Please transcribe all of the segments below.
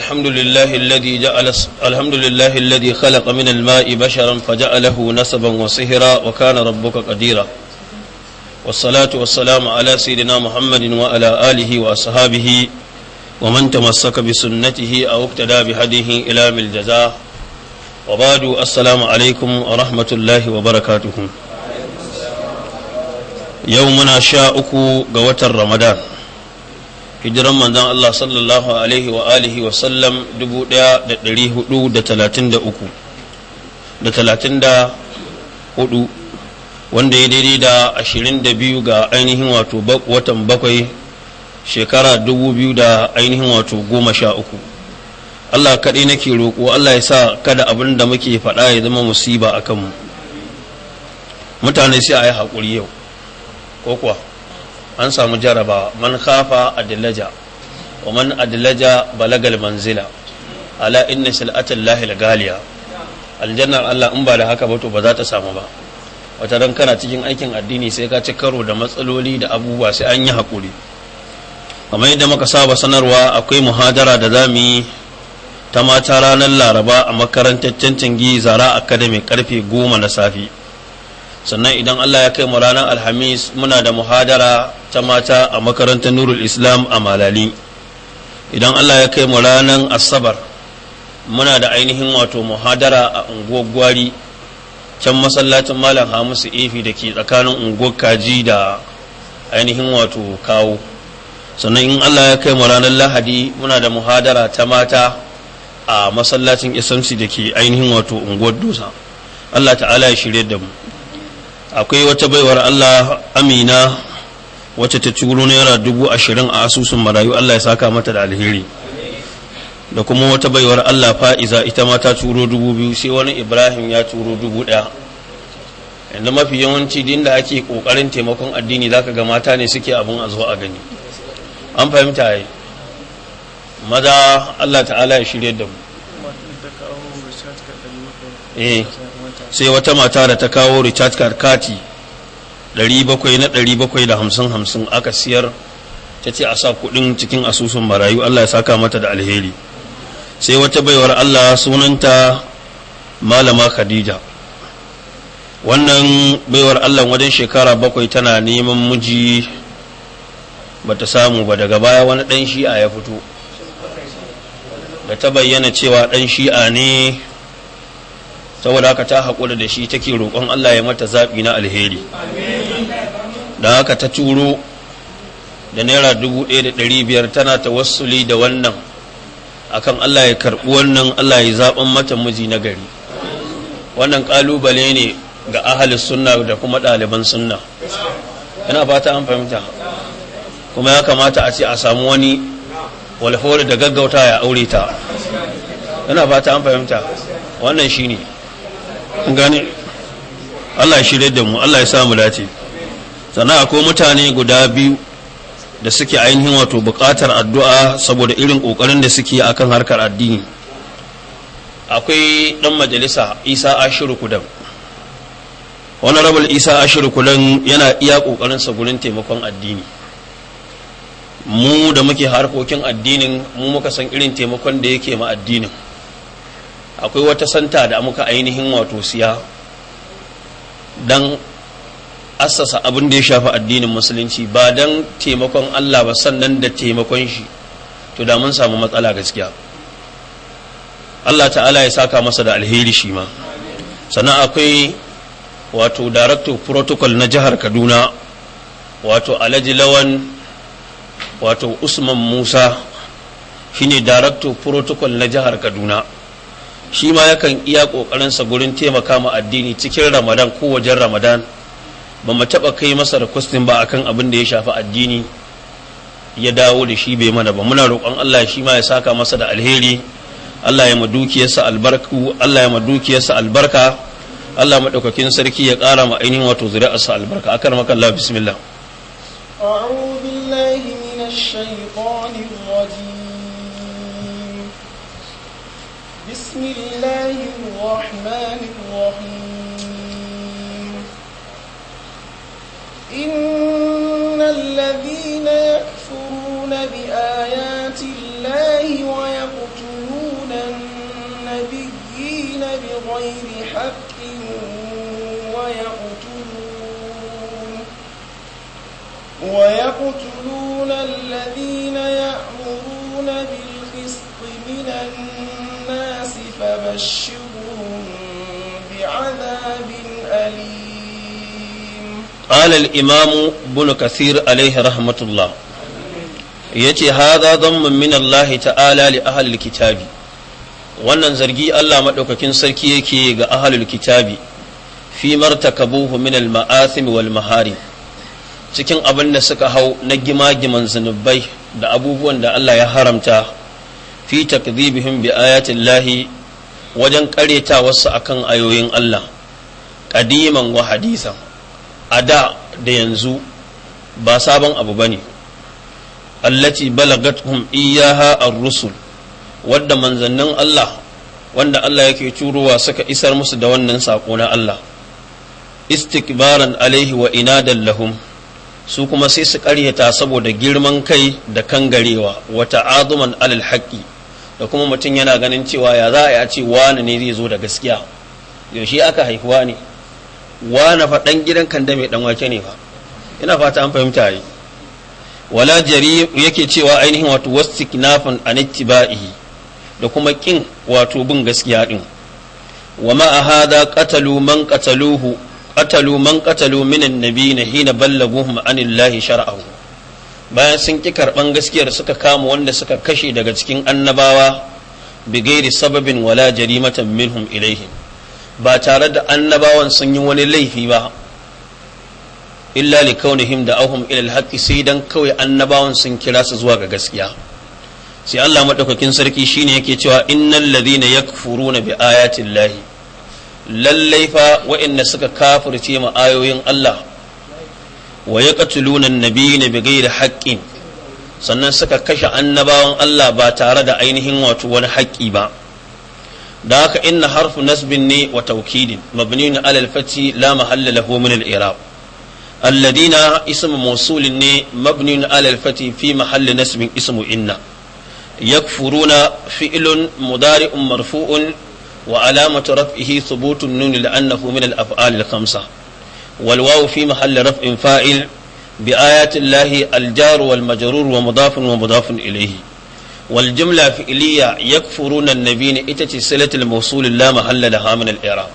الحمد لله الذي جعل الحمد لله الذي خلق من الماء بشرا فجعله نسبا وصهرا وكان ربك قديرا والصلاة والسلام على سيدنا محمد وعلى آله وأصحابه ومن تمسك بسنته أو اقتدى بهديه إلى الجزاء وبعد السلام عليكم ورحمة الله وبركاته يومنا شاء أكو رمضان hijiran manzon Allah sallallahu alaihi wa alihi wa sallam daya da hudu da da da da talatin talatin uku hudu wanda ya daidai da ashirin da biyu ga ainihin wato watan bakwai shekara dubu biyu da ainihin wato goma sha uku Allah kaɗai nake roƙo Allah ya sa kada abin da muke faɗa ya zama musiba a kanmu mutane sai a yi haƙuri yau ko kuwa an samu jaraba man khafa adlaja wa man adlaja balagal manzila ala inna sil'atul lahil galiya aljanna Allah in ba da haka ba to ba za ta samu ba wata ran kana cikin aikin addini sai ka ci karo da matsaloli da abubuwa sai an yi hakuri kamar yadda muka saba sanarwa akwai muhadara da zamu yi ta mata ranar laraba a makarantar cancangi zara academy karfe goma na safe sannan idan Allah ya kai mu ranar alhamis muna da muhadara ta mata a makarantar nurul islam a malali idan Allah ya kai mu ranar asabar muna da ainihin wato muhadara a unguwar gwari can masallacin malam hamisu efi da ke tsakanin unguwar kaji da ainihin wato kawo sannan in Allah ya kai mu ranar lahadi muna da muhadara ta mata a masallacin isamsi da ke ainihin wato unguwar dusa Allah ta'ala ya shirye da mu akwai wata baiwar Allah amina wacce ta ciro naira dubu ashirin a asusun marayu Allah ya saka mata da alheri da kuma wata baiwar Allah fa'iza ita mata ta dubu biyu sai wani ibrahim ya curo dubu ɗaya yanzu mafi yawanci din da ake ƙoƙarin taimakon addini za ka ga mata ne suke abin a zo a gani an fahimta yi maza Allah ta'ala ya shirya da mu sai wata mata da ta kawo recharge card kati 700 na 750 aka siyar ta ce a sa kudin cikin asusun marayu Allah ya saka mata da alheri sai wata baiwar Allah sunanta malama Khadija wannan baiwar Allah wajen shekara bakwai tana neman miji bata samu ba daga baya wani dan shi'a ya fito da ta bayyana cewa dan shi'a ne saboda haka ta haƙura da shi take roƙon Allah ya mata zaɓi na alheri da haka ta turo da naira dubu ɗaya da ɗari biyar tana ta wasuli da wannan akan Allah ya karɓi wannan Allah ya zaɓan mata miji na gari wannan ƙalubale ne ga ahalin sunna da kuma ɗaliban sunna yana fata an fahimta kuma ya kamata a ce a samu wani walfawar da gaggauta ya aure ta yana fata an fahimta wannan shi ne gane Allah ya shirye da mu Allah ya samu dace sannan akwai mutane guda biyu da suke ainihin wato bukatar addu'a saboda irin kokarin da suke akan harkar addini akwai dan majalisa isa ashiru kudan wani isa ashiru kudan yana iya sa gurin taimakon addini mu da muke harkokin addinin mu muka san irin taimakon da yake ma addinin akwai wata santa da muka ainihin wato siya don assasa abin da ya shafi addinin musulunci ba don taimakon Allah ba sannan da taimakon shi to da mun samu matsala gaskiya Allah ta'ala ya saka masa da alheri shi ma sannan akwai wato director protocol na jihar Kaduna wato Alhaji Lawan wato Usman Musa shine director protocol na jihar Kaduna shi ma yakan iya ƙoƙarinsa gurin taimaka ma addini cikin ramadan ko wajen ramadan ba mu taɓa kai masa da kustin ba akan abin da ya shafi addini ya dawo da shi bai mana ba muna roƙon Allah shi ma ya saka masa da alheri Allah ya madukiyarsa albarku Allah ya madukiyarsa albarka Allah maɗaukakin sarki ya ƙara ma ainihin wato zuri'arsa albarka akar makalla bismillah billahi بسم الله الرحمن الرحيم إن الذين يكفرون بآيات الله ويقتلون النبيين بغير حق ويقتلون ويقتلون الذين يأمرون بالقسط من الناس فبشرهم بعذاب أليم قال الإمام بن كثير عليه رحمة الله yace haza zammun min Allah ta'ala li ahlil kitabi wannan zargi Allah maɗaukakin sarki yake ga ahlul kitabi fi martakabuhu min al ma'athim wal mahari cikin abin da suka hau na gimagiman zunubai da abubuwan da Allah ya haramta fi takdhibihim bi ayatin lahi wajen ƙareta wasu akan ayoyin Allah ƙadiman wa hadisan a da da yanzu ba sabon abu ba ne allati balagathum iyaha ar-rusul wadda manzannin Allah wanda Allah yake curowa suka isar musu da wannan saƙo na Allah istikbaran alaihi wa inadan lahum su kuma sai su ƙaryata saboda girman kai da kangarewa wata azuman alal haƙƙi da kuma mutum yana ganin cewa ya za a yi a ce wani ne zai zo da gaskiya yaushe aka haifi wani wani fa dan gidan Kande mai dan wake ne fa ina fata an fahimta yi wala jari yake cewa ainihin wato wastiknafan an ba'i. da kuma kin wato bin gaskiya din wa ma hada qatalu man qataluhu qatalu man qatalu min annabi hina ballaguhum anillahi shar'ahu bayan sun ƙi karɓan gaskiyar suka kama wanda suka kashe daga cikin annabawa bigairi sababin wala jarimatan minhum ilaihim ba tare da annabawan sun yi wani laifi ba illa li kaunihim da ahum ilal haqqi sai dan kawai annabawan sun kira su zuwa ga gaskiya sai Allah madaukakin sarki shine yake cewa innal ladhina yakfuruna bi ayati llahi lallai fa wa'inda suka kafirce ma ayoyin Allah wa ya katuluna nabiyina bi ghairi haqqin sannan suka kashe annabawan Allah ba tare da ainihin wato wani haƙƙi ba da haka inna harfu nasbin ne wa taukidin mabniun ala al-fathi la mahalla lahu min al-i'rab alladina ismu mawsulin ne mabniun ala al fi mahalli nasbin ismu inna yakfuruna fi'lun mudari'un marfu'un wa alamatu raf'ihi thubutun nun li'annahu min al-af'al al-khamsah والواو في محل رفع فاعل بآيات الله الجار والمجرور ومضاف ومضاف إليه والجملة فعلية يكفرون النبيين إتت سلة الموصول لا محل لها من الإعراب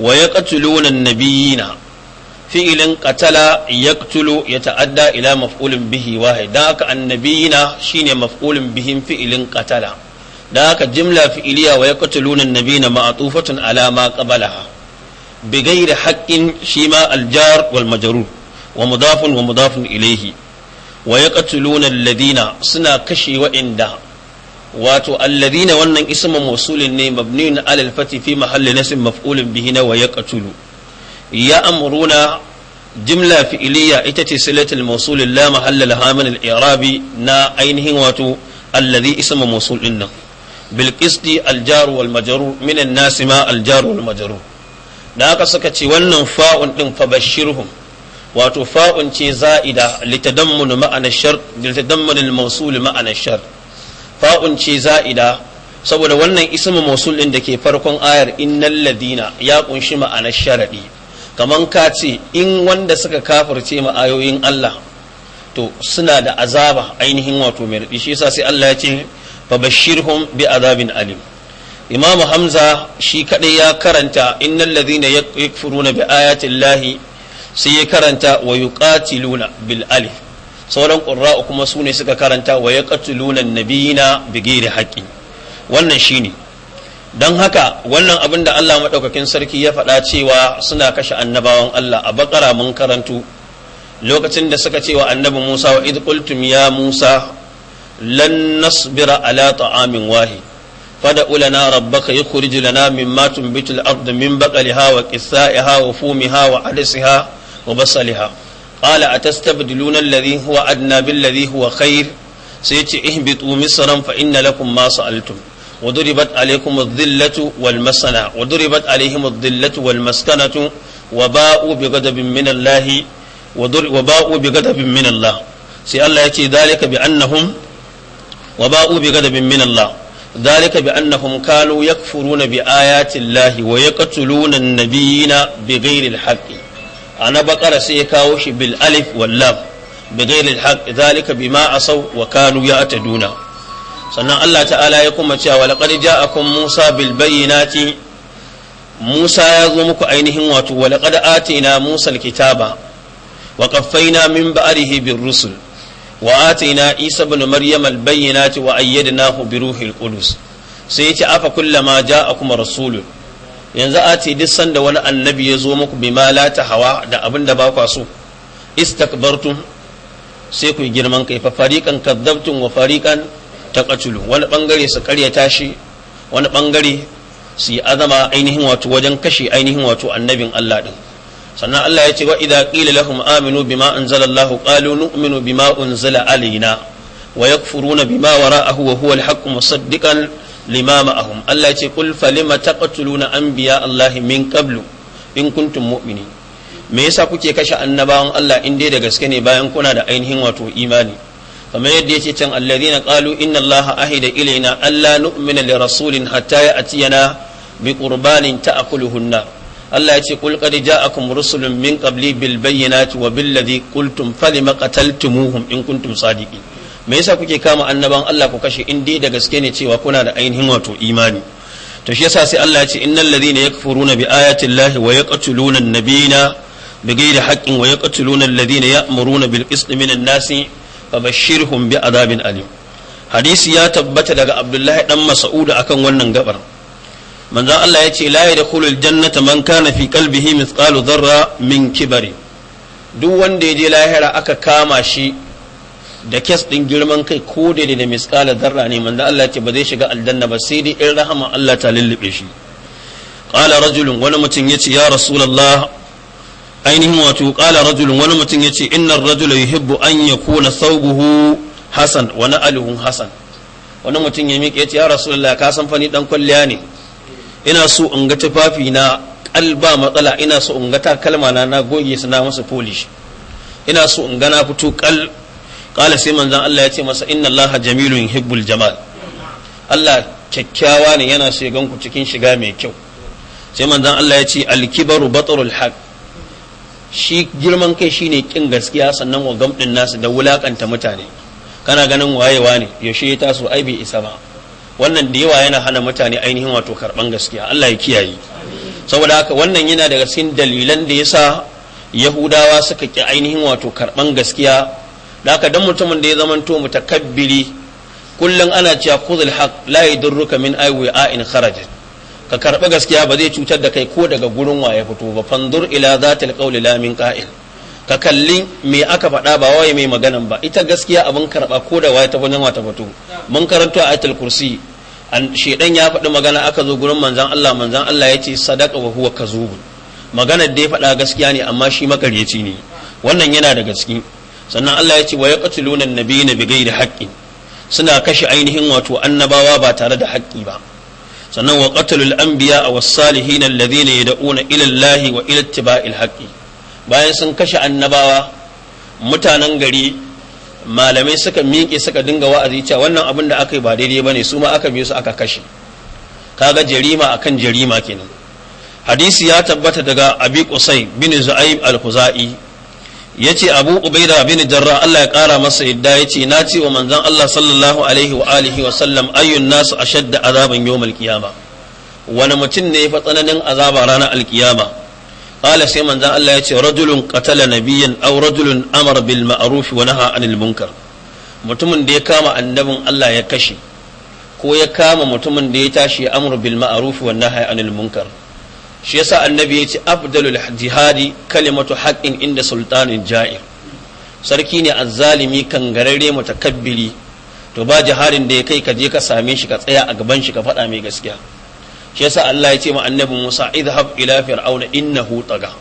ويقتلون النبيين فعل قتل يقتل يتأدى إلى مفعول به واحد ذاك النبيين شين مفعول بهم فعل قتل ذاك جملة فعلية ويقتلون النبيين معطوفة على ما قبلها بغير حق شما الجار والمجرور ومضاف ومضاف إليه ويقتلون الذين سنا كشي وإندا واتو الذين ونن اسم موصول مبني على الفتح في محل نسب مفعول به ويقتل يأمرون جملة فعلية إتتي سلة الموصول لا محل لها من الإعراب نا أينه واتو الذي اسم موصول إنه بالقسط الجار والمجرور من الناس ما الجار والمجرور da haka suka ce wannan fa'un ɗin fa wato fa'un ce za'ida litadammun ma'ana shar litadammun shar fa'un ce za'ida saboda wannan ismu ɗin da ke farkon ayar innal ladina ya ƙunshi ma'anar sharaɗi kamar ka ce in wanda suka kafirce ma ayoyin Allah to suna da azaba ainihin wato mai shi yasa sai Allah ya ce fa bi azabin alim imam hamza shi kaɗai ya karanta innal ladhina yakfuruna bi ayati llahi sai ya karanta wa bil alif sauran ƙurra'u kuma su ne suka karanta wa yaqtuluna an-nabiyina bi haƙƙi. wannan shi shine don haka wannan abin da Allah maɗaukakin sarki ya faɗa cewa suna kashe annabawan Allah a bakara mun karantu lokacin da suka cewa annabi Musa wa idh ya Musa lan nasbira ala ta'amin wahid فدع لنا ربك يخرج لنا مما تنبت الأرض من بقلها وقثائها وفومها وعدسها وبصلها قال أتستبدلون الذي هو أدنى بالذي هو خير سيتي اهبطوا مصرا فإن لكم ما سألتم وضربت عليكم الذلة والمسنة وضربت عليهم الذلة والمسكنة وباءوا بغضب من الله وباءوا بغضب من الله سي الله يتي ذلك بأنهم وباءوا بغضب من الله ذلك بأنهم كانوا يكفرون بآيات الله ويقتلون النبيين بغير الحق أنا بقرأ سيكاوش بالألف واللام بغير الحق ذلك بما عصوا وكانوا يعتدون sannan Allah ta'ala ya kuma cewa walaqad ja'akum Musa bil Musa ya zo muku ainihin wato ati na Musa al-kitaba wa qaffayna min ba'rihi bin rusul wa atina isa ibn maryam al bayyinati wa ayyadnahu bi ruhil qudus sai yace afa kullama jaa kuma rasulun yanzu a ce duk sanda wani annabi ya zo muku bi ma ta hawa da abin da ba kwa so istakbartum sai kuyi girman kai fa fariqan kadzabtum wa fariqan taqatulu wani bangare su karyata shi wani bangare su yi azama ainihin wato wajen kashe ainihin wato annabin Allah din sannan Allah ya ce wa idza qila lahum aminu bima anzala Allah qalu nu'minu bima unzila alaina wa yakfuruna bima wara'ahu wa huwa al-haqqu musaddiqan lima ma'ahum Allah ya ce qul falima taqtuluna anbiya Allah min qablu in kuntum mu'minin me yasa kuke kashe annabawan Allah in dai da gaske ne bayan kuna da ainihin wato imani kamar yadda yake can alladhina qalu inna Allah ahida ilaina alla nu'mina li rasulin hatta ya'tiyana bi qurbanin ta'kuluhu an-nar Allah ya ce kul qad ja'akum rusulun min qabli bil bayyinati wa bil ladhi qultum falima qataltumuhum in kuntum sadiqin me yasa kuke kama annaban Allah ku kashe in dai da gaske ne cewa kuna da ainihin wato imani to shi yasa sai Allah ya ce innal ladhina yakfuruna bi ayati llahi wa yaqtuluna an-nabiyina bighairi haqqin wa yaqtuluna alladhina ya'muruna bil qisti minan nasi fabashshirhum bi adabin alim hadisi ya tabbata daga Abdullahi dan Mas'ud akan wannan gabar manzon Allah ya ce la yadkhulu jannata man kana fi qalbihi mithqalu dharra min kibari duk wanda ya je lahira aka kama shi da kes din girman kai ko da da misqala dharra ne manzon Allah ya ce ba zai shiga aljanna ba sai dai in rahama Allah ta lullube shi qala rajulun wani mutum yace ya rasulullah ainihin wato qala rajulun wani mutum yace innar rajula yuhibbu an yakuna thawbuhu hasan wa na'aluhu hasan wani mutum ya miƙe ya ce ya rasulullah ka san fa ni dan kwalliya ne ina so in ga tufafi na kalba matsala ina so in ga takalma na na goge su na masa polish ina so in ga na fito kal kala sai manzan Allah ya ce masa inna Allah jamilun hibbul jamal Allah kyakkyawa ne yana so ya gan ku cikin shiga mai kyau sai manzan Allah ya ce al-kibaru haq shi girman kai shine kin gaskiya sannan wa gamdin nasu da wulakanta mutane kana ganin wayewa ne yaushe ya taso ai bai isa ba wannan da yawa yana hana mutane ainihin wato karban gaskiya Allah ya kiyaye saboda haka wannan yana daga cikin dalilan da yasa yahudawa suka ki ainihin wato karban gaskiya da haka dan mutumin da ya zamanto mutakabbiri kullum ana cewa khudhul haqq la yadurruka min aywa in kharajat ka karba gaskiya ba zai cutar da kai ko daga gurin waye fito ba fandur ila zatil qawli la min qa'il ka kalli me aka faɗa ba waye mai maganan ba ita gaskiya abin karɓa ko da waye ta wajen wata fito mun karanto a ayatul kursi an shedan ya faɗi magana aka zo gurin manzan Allah manzon Allah ya ce sadaka wa huwa kazubun magana da ya faɗa gaskiya ne amma shi makaryaci ne wannan yana da gaske sannan Allah ya ce wa yaqtuluna an-nabiyina bighairi haqqin suna kashe ainihin wato annabawa ba tare da haƙƙi ba sannan wa qatalul anbiya was salihin alladhina yad'una ila Allah wa ila ittiba'il haqqi bayan sun kashe annabawa mutanen gari malamai suka miƙe suka dinga wa'azi cewa wannan abin da aka yi ba daidai ba ne su ma aka biyo su aka kashe kaga jarima akan jarima kenan hadisi ya tabbata daga abi qusay bin zu'aib al-khuzai yace abu ubaida bin jarra Allah ya kara masa yadda yace na ce wa manzon Allah sallallahu alaihi wa alihi wa sallam ayyun nasu ashadda azaban yawmal qiyama wani mutum ne fa tsananin azaba ranar alkiyama qala sai manzon Allah ya ce rajulun qatala nabiyyan aw rajulun amara bil ma'ruf wa mutumin da ya kama annabin Allah ya kashe ko ya kama mutumin da ya tashi a amru bil ma'ruf wa naha anil munkar shi yasa annabi ya ce afdalul jihadi kalimatu haqqin inda sultanin ja'ir sarki ne azzalimi kan gararre mutakabbiri to ba jihadin da ya kai ka je ka same shi ka tsaya a gaban shi ka faɗa mai gaskiya shi yasa Allah ya ce ma annabi Musa idhab ila fir'auna innahu taga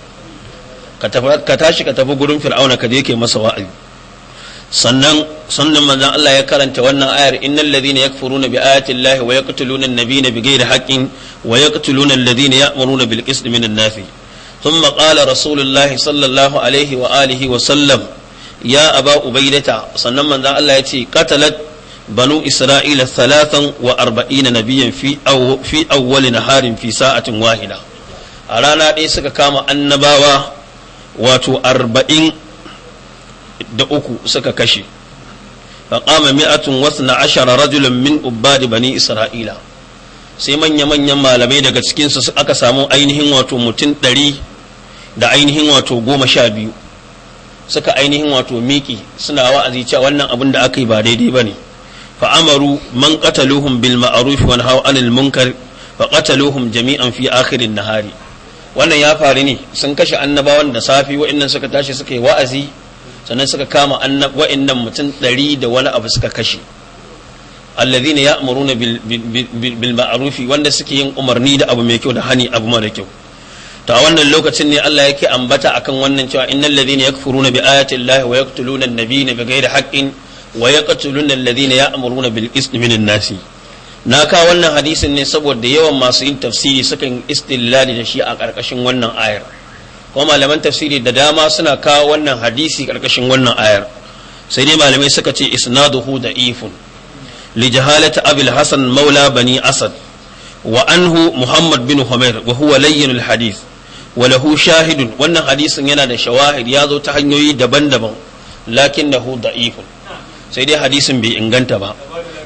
ka tashi ka tafi gurin fir'auna ka je yake masa wa'azi sannan sannan manzon Allah ya karanta wannan ayar innal ladhina yakfuruna bi ayati llahi wa yaqtuluna an-nabiyina bighairi haqqin wa yaqtuluna alladhina ya'muruna bil min an-nafi thumma qala rasulullahi sallallahu alaihi wa alihi wa sallam ya aba ubaidata sannan manzon Allah ya ce qatalat banu isra'ila salatan wa arba'ina nabiyan fi fi awwali naharin fi sa'atin wahida a rana ɗaya suka kama annabawa wato arba'in da uku suka kashe faƙama mi'atun wasu na ashara rajulun min ubbadi bani isra'ila sai manya-manyan malamai daga cikinsu aka samu ainihin wato mutum ɗari da ainihin wato goma sha biyu suka ainihin wato miki suna wa'azi a wannan abun da aka yi ba daidai ba ne فأمروا من قتلوهم بالمعروف وانهوا عن المنكر فقتلوهم جميعا في آخر النهار wannan ya faru ne sun kashe annabawan da safi wa'annan suka tashi suka yi wa'azi sannan suka kama wa'annan mutum ɗari da wani abu suka kashe alladhina ya'muruna bil ma'rufi wanda suke yin umarni da abu mai kyau da hani abu mara kyau to a wannan lokacin ne Allah yake ambata akan wannan cewa innal ladhina yakfuruna bi ayati llahi wa yaqtuluna an-nabiyina bighairi haqqin wa yaqtuluna alladhina ya'muruna bil na minan nasi na kawo wannan hadisin ne saboda yawan masu yin tafsiri sukan istillali da shi a karkashin wannan ayar kuma malaman tafsiri da dama suna kawo wannan hadisi karkashin wannan ayar sai dai malamai suka ce isnaduhu da ifun li jahalati abul hasan maula bani asad wa anhu muhammad bin humair wa huwa layyin hadis wa lahu shahidun wannan hadisin yana da shawahid ya zo ta hanyoyi daban-daban lakin da da'ifun sai dai hadisin bai inganta ba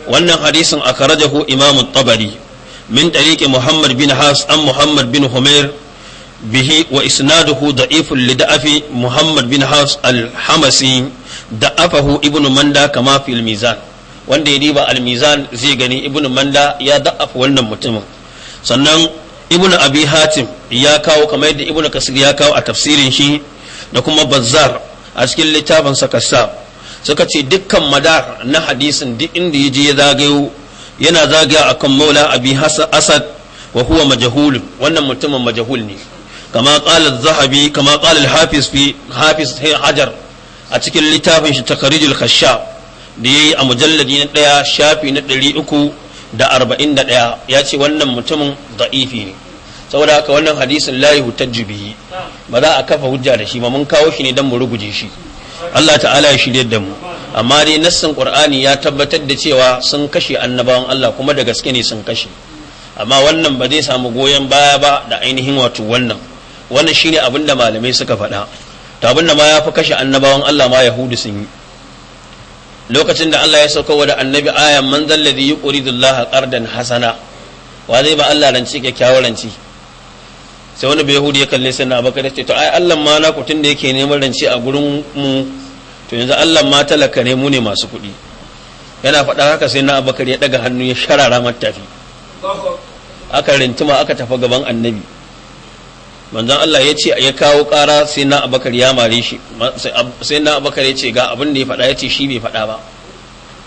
wannan hadisin akarajahu imamu tabari min tariqi muhammad bin has an muhammad bin humair bihi wa isnaduhu da ifin lida'afi muhammad bin has alhamasi hamasi da'afahu ibnu manda kama fil mizan wanda ya diba al-mizan zai gani ibnu manda ya da'afa wannan mutumin sannan ibnu abi hatim ya kawo kamar yadda ibnu kasir ya kawo a tafsirin shi da kuma bazzar a cikin littafin sa kassab suka ce dukkan madar na hadisin duk inda ya je ya zagayo yana zagaya a kan maula abi asad wa huwa majahul wannan mutumin majahul ne kama qala zahabi kama qala al-hafiz fi hafiz hajar a cikin littafin shi takarijul kasha da yayi a mujalladi na daya shafi na uku da arba'in 341 ya ce wannan mutumin da'ifi ne saboda haka wannan hadisin la yuhtajju bihi ba za a kafa hujja da shi ba mun kawo shi ne dan mu ruguje shi Allah ta'ala ya shirye da mu amma dai nassin qur'ani ya tabbatar da cewa sun kashe annabawan Allah kuma da gaske ne sun kashe amma wannan ba zai samu goyon baya ba da ainihin wato wannan wannan shine abin da malamai suka faɗa to abin da ma ya fi kashe annabawan Allah ma yahudu sun yi lokacin da Allah ya sauka wa da annabi ayan ladhi zalladhi Allah qardan hasana wa zai ba Allah rance kyakkyawar rance sai wani bai hudu ya kalle sai na abakar ce to ai Allah ma na kutun da yake neman rance a gurin mu to yanzu Allah ma talaka ne mu ne masu kuɗi yana faɗa haka sai na abakar ya daga hannu ya sharara matafi aka rintuma aka tafi gaban annabi manzon Allah ya ce ya kawo ƙara sai na abakar ya mare shi sai na abakar ya ce ga abin da ya faɗa ya ce shi bai faɗa ba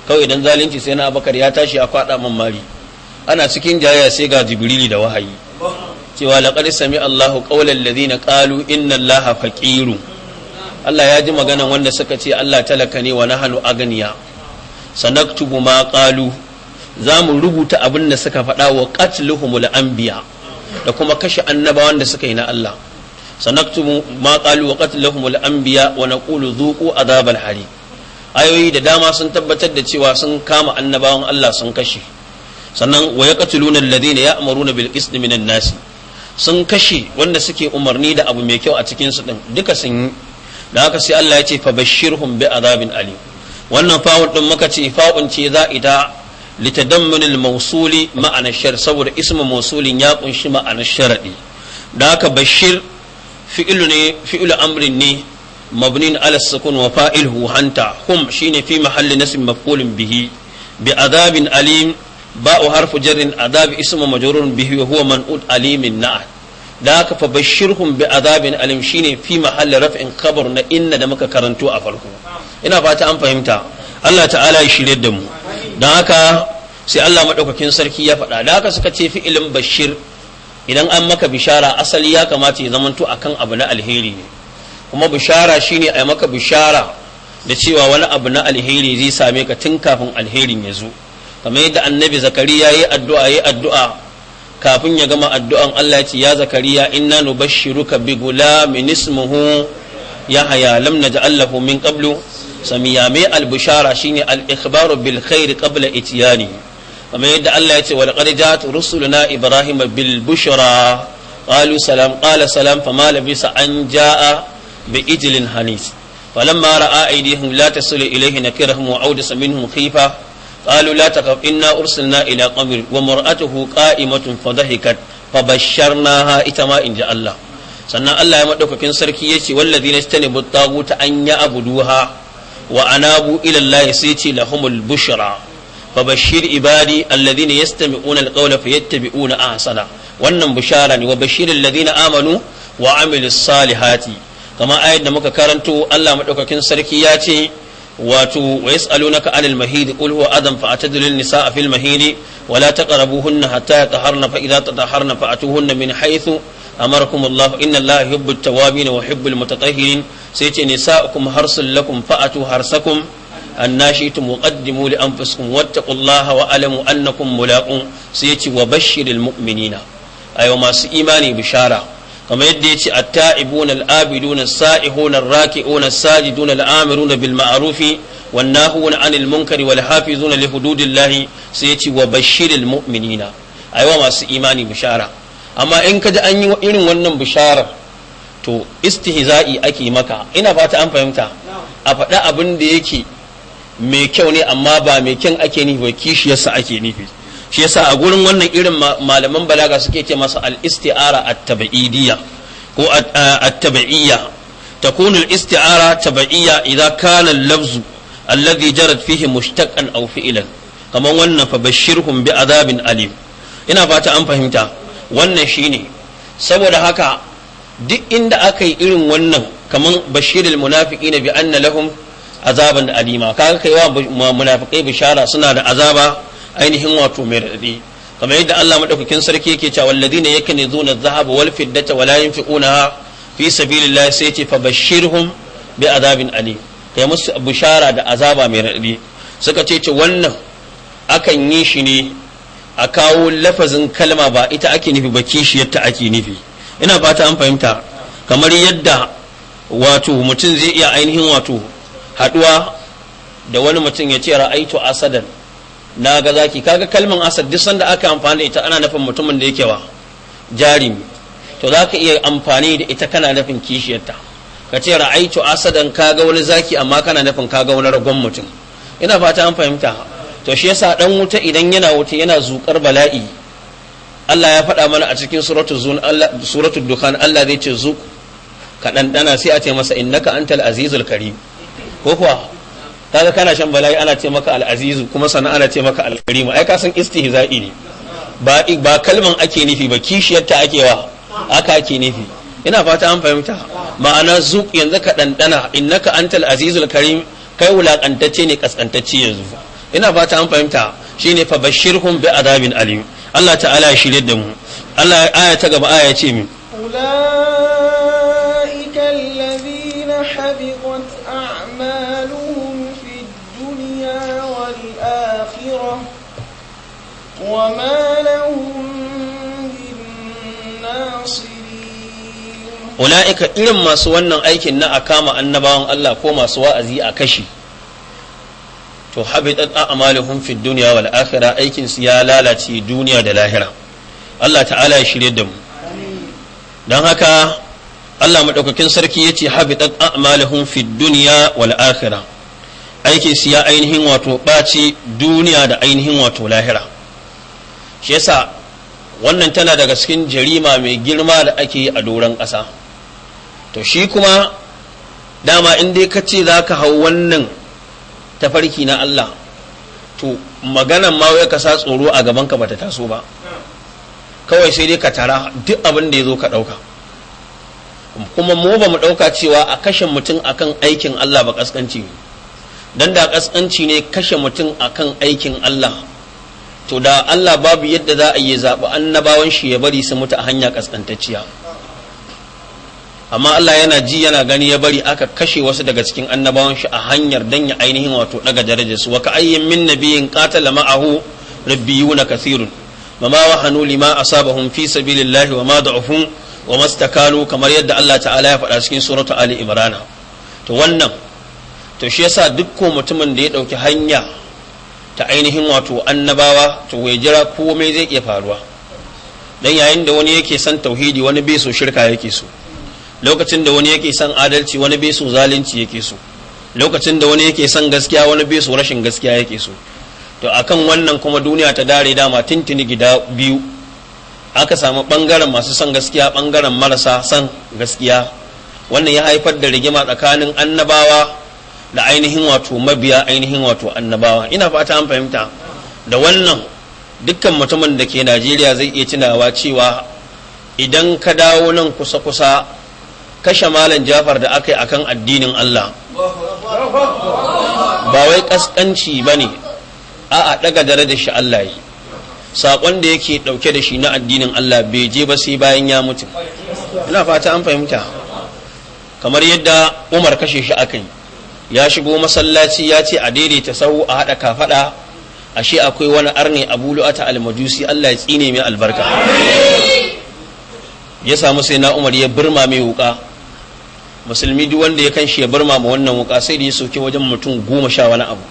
kawai idan zalunci sai na abakar ya tashi ya kwaɗa man mari ana cikin jaya sai ga jibrili da wahayi cewa laqad sami Allahu qawlal ladina qalu inna Allaha faqiru Allah ya ji maganan wanda suka ce Allah talaka ne wa nahnu aganiya sanaktubu ma qalu za mu rubuta abin da suka faɗa wa qatluhumul anbiya da kuma kashe annabawan da suka yi na Allah sanaktubu ma qalu wa qatluhumul anbiya wa naqulu dhuqu adhabal hari ayoyi da dama sun tabbatar da cewa sun kama annabawan Allah sun kashe sannan wa yaqtuluna alladhina ya'muruna bil qist minan nasi sun kashe wanda suke umarni da abu mai kyau a cikin su din duka sun yi da haka sai Allah ya ce fa bashirhum bi azabin ali wannan fa'ul din muka ce fa'un ce ita litadammun al-mawsuli ma'ana shar saboda ismu mawsulin ya kunshi ma'ana sharadi da haka bashir fi'lu ne fi'lu amrin ne mabnin ala sukun wa fa'iluhu hanta hum shine fi mahalli nasb maf'ulin bihi bi azabin alim ba'u harfu jarin azabi isma majrurun bihi wa man'ud alimin na'a da haka fa bashirhum bi adabin alim shine fi mahalli raf'in khabar na inna da muka karanto a farko ina fata an fahimta Allah ta'ala ya shirye da mu don haka sai Allah madaukakin sarki ya faɗa da haka suka ce fi'ilin bashir idan an maka bishara asali ya kamata ya zamanto akan abu na alheri ne kuma bishara shine a maka bishara da cewa wani abu na alheri zai same ka tun kafin alherin ya zo kamar yadda annabi zakariya yi addu'a yi addu'a kafin ya gama addu'an Allah ya ce ya zakariya inna nubashshiruka bi gulamin ismuhu yahya lam naj'al lahu min qablu samiya mai albushara shine al-ikhbaru bil khair qabla itiyani kamar yadda Allah ya ce wa laqad rusuluna ibrahima bil bushra qalu a qala salam fama labisa an ja'a bi ijlin hanis falamma ra'a aydihim la tasilu ilayhi nakirahum wa awdasa minhum khifa قالوا لا تخف إنا أرسلنا إلى قبر ومرأته قائمة فضحكت فبشرناها إتما إن جاء الله sannan Allah ya maɗaukakin sarki ya ce wallazi na stane buttagu ta an ya abuduha wa anabu ilallahi Allah sai ce lahumul bushra fa bashir ibadi alladhina yastami'una alqawla yattabi'una ahsana wannan bushara ne wa bashir na amanu wa amilus salihati kama ayat da muka karanto Allah maɗaukakin sarki ya ce wato wa naka anil mahidi qul huwa adam fa atadilun nisaa fil mahidi wa la taqrabuhunna hatta yataharna fa idza tataharna fa atuhunna min haythu amarakum Allah inna Allah yuhibbu at-tawabin wa yuhibbu al-mutatahhirin sai ce nisaukum harsul lakum fa atu harsakum annashitum muqaddimu li anfusikum wattaqullaha wa alamu annakum mulaqun sai ce wa bashshiril mu'minina ayo masu imani bishara kamar yadda ya ce taibuna al-abiduna as-sa'ihuna ar-raki'una as-sajiduna al-amiruna bil ma'rufi wan nahuna 'anil munkari wal hafizuna li lahi sai yace wa bashiril mu'minina yawa masu imani bishara amma in ka ji an yi irin wannan bishara to istihza'i ake maka ina fata an fahimta a faɗa abin da yake mai kyau ne amma ba mai kyan ake nufi ba kishiyarsa ake nufi shi yasa a gurin wannan irin malaman balaga suke ce masa al-isti'ara at-tabi'idiyya ko at-tabi'iyya تكون الاستعارة تبعية إذا كان اللفظ الذي جرت فيه مشتقا أو فعلا كما ون فبشرهم بعذاب ina fata an fahimta wannan shine saboda haka duk inda aka yi irin wannan kaman bashirul munafiqin bi anna lahum azaban alima kaga kaiwa bishara suna da azaba ainihin wato mai raɗaɗi kamar yadda Allah maɗaukakin sarki yake cewa yake ne adh zahabu wal fiddata wala yunfiquna fi sabilillahi sai ce fabashshirhum bi azabin ali kai musu bushara da azaba mai raɗaɗi suka ce ce wannan akan yi shi ne a kawo lafazin kalma ba ita ake nufi ba kishiyarta ake nufi ina fata an fahimta kamar yadda wato mutum zai iya ainihin wato haduwa da wani mutum ya ce ra'aitu asadan na ga zaki kaga kalmin asad duk sanda aka amfani da ita ana nufin mutumin da yake wa jari to za ka iya amfani da ita kana nufin kishiyarta ka ce ra'aitu asadan kaga wani zaki amma kana nufin kaga wani ragon mutum ina fata an fahimta to shi yasa dan wuta idan yana wuta yana zukar bala'i Allah ya faɗa mana a cikin suratul zun Allah dukhan Allah zai ce zuk ka dan sai a ce masa innaka antal azizul karim ko kuwa kaga kana shan bala'i ana ce maka al'azizu kuma sannan ana ce maka alkarimu ai ka san istihza'i ne ba ba kalman ake nufi ba kishiyar ta ake wa aka ake nufi ina fata an fahimta ma'ana zuk yanzu ka dandana innaka antal azizul karim kai wulakantacce ne kaskantacce yanzu ina fata an fahimta shine fa bashirhum bi adabin alim Allah ta'ala ya shirye da mu Allah aya ta gaba aya ce min ula'ika irin masu wannan aikin na a kama annabawan Allah ko masu wa'azi a kashi to habitat a'maluhum fid dunya wal akhirah aikin su ya lalace duniya da lahira Allah ta'ala ya shirye da mu dan haka Allah madaukakin sarki yace habitat a'maluhum fid dunya wal akhirah aikin su ya ainihin wato baci duniya da ainihin wato lahira shi yasa wannan tana daga cikin jarima mai girma da ake yi a doron ƙasa to shi kuma dama in dai ka ce za ka hau wannan tafarki na Allah to maganan ma ya kasa tsoro a gabanka ka bata taso ba kawai sai dai ka tara duk abin da ya zo ka ɗauka kuma mu ba mu ɗauka cewa a kashe mutum akan aikin Allah ba ƙasƙanci ne don da ƙasƙanci ne kashe mutum akan aikin Allah to da Allah babu yadda za a yi zaɓi annabawan shi ya bari su mutu a hanya ƙasƙantacciya amma Allah yana ji yana gani ya bari aka kashe wasu daga cikin annabawan shi a hanyar danya ainihin wato daga darajar su wa ka ayyin min nabiyin qatala ma'ahu rabbiyuna kathirun ma ma wahanu lima asabahum fi sabilillahi wa ma da'ufu wa mastakanu kamar yadda Allah ta'ala ya faɗa cikin suratu ali imran to wannan to shi yasa duk mutumin da ya dauki hanya ta ainihin wato annabawa to ya jira komai zai iya faruwa dan yayin da wani yake son tauhidi wani bai so shirka yake so lokacin da wani yake son adalci wani bai so zalunci yake so lokacin da wani yake son gaskiya wani bai so rashin gaskiya yake so to akan wannan kuma duniya ta dare dama tintini gida biyu aka samu bangaren masu son gaskiya bangaren marasa son gaskiya wannan ya haifar da rigima tsakanin annabawa da ainihin wato mabiya ainihin wato annabawa ina fata an fahimta da wannan dukkan mutumin da ke najeriya zai iya tunawa cewa idan ka dawo nan kusa-kusa kashe malam jafar da aka yi a kan addinin Allah ba wai kaskanci ba ne a a dare da shi Allah yi saƙon da yake ɗauke da shi na addinin Allah bai je ba sai bayan ya mutu ina fata an fahimta kamar yadda umar kashe shi akan ya shigo masallaci ya ce a daidaita sahu a haɗa kafaɗa ashe akwai wani arne abu lu'ata almajusi Allah ya tsine mai albarka ya samu sai na umar ya birma mai wuka musulmi duk wanda ya kanshi ya birma ma wannan wuka sai da ya soke wajen mutum goma sha wani abu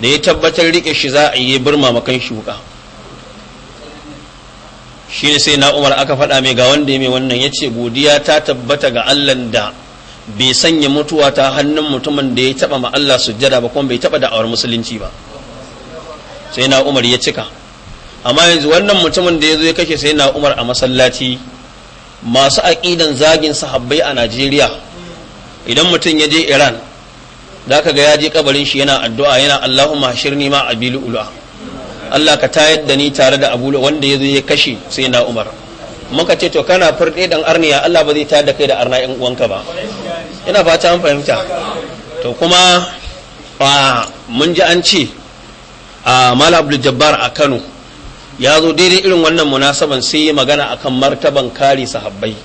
da ya tabbatar rike shi za a yi birma ma kanshi wuka shi ne sai na umar aka faɗa mai ga wanda ya mai wannan ya ce godiya ta tabbata ga allan da bai sanya mutuwa ta hannun mutumin da ya taɓa ma allah sujjada ba kuma bai taɓa awar musulunci ba sai na umar ya cika amma yanzu wannan mutumin da ya zo ya kashe sai na umar a masallaci masu aƙidan zagin sahabbai a najeriya idan mutum ya je iran za ka ga ya je kabarin shi yana addu'a yana allahumma shirni ma abilu ula allah ka tayar da ni tare da abu wanda ya zo ya kashe sai na umar muka ce to kana furɗe dan arniya allah ba zai tayar da kai da arna yan uwanka ba ina fata an fahimta to kuma mun ji an ce a mala abdul jabbar a kano ya zo daidai irin wannan munasaban sai yi magana akan martaban kare sahabbai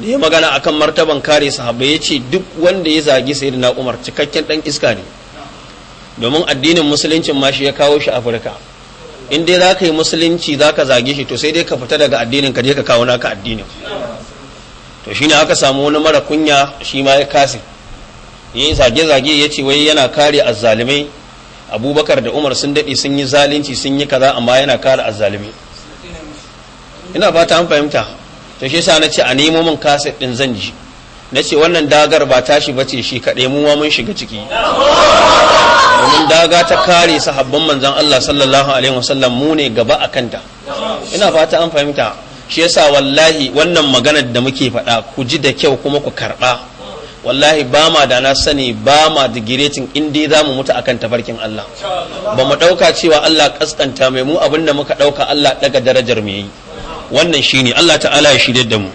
da ya magana akan martaban kare sahabbai ya ce duk wanda ya zagi da umar cikakken dan iska ne domin addinin musuluncin ma shi ya kawo shi afirka in dai za ka yi musulunci za ka zage shi to sai dai ka fita daga addinin ka je ka kawo naka addinin to shine aka samu wani mara kunya shi ma ya kase ya yi zage-zage ya ce wai yana kare azzalumai abubakar da umar sun daɗe sun yi zalunci sun yi kaza amma yana kare azzalumi ina ba ta fahimta to shi sa na ce a nemo min kaset ɗin zan ji na ce wannan dagar ba tashi ba ce shi kaɗai mu ma mun shiga ciki domin daga ta kare sahabban manzon Allah sallallahu alaihi wasallam mu ne gaba a kanta ina fata an fahimta shi yasa wallahi wannan maganar da muke faɗa ku ji da kyau kuma ku karɓa wallahi ba ma da na sani ba ma digiretin in dai za mu mutu akan tafarkin Allah ba mu ɗauka cewa Allah kaskanta mai mu abin da muka ɗauka Allah daga darajar mu yi wannan ne Allah ta'ala ya shirya da mu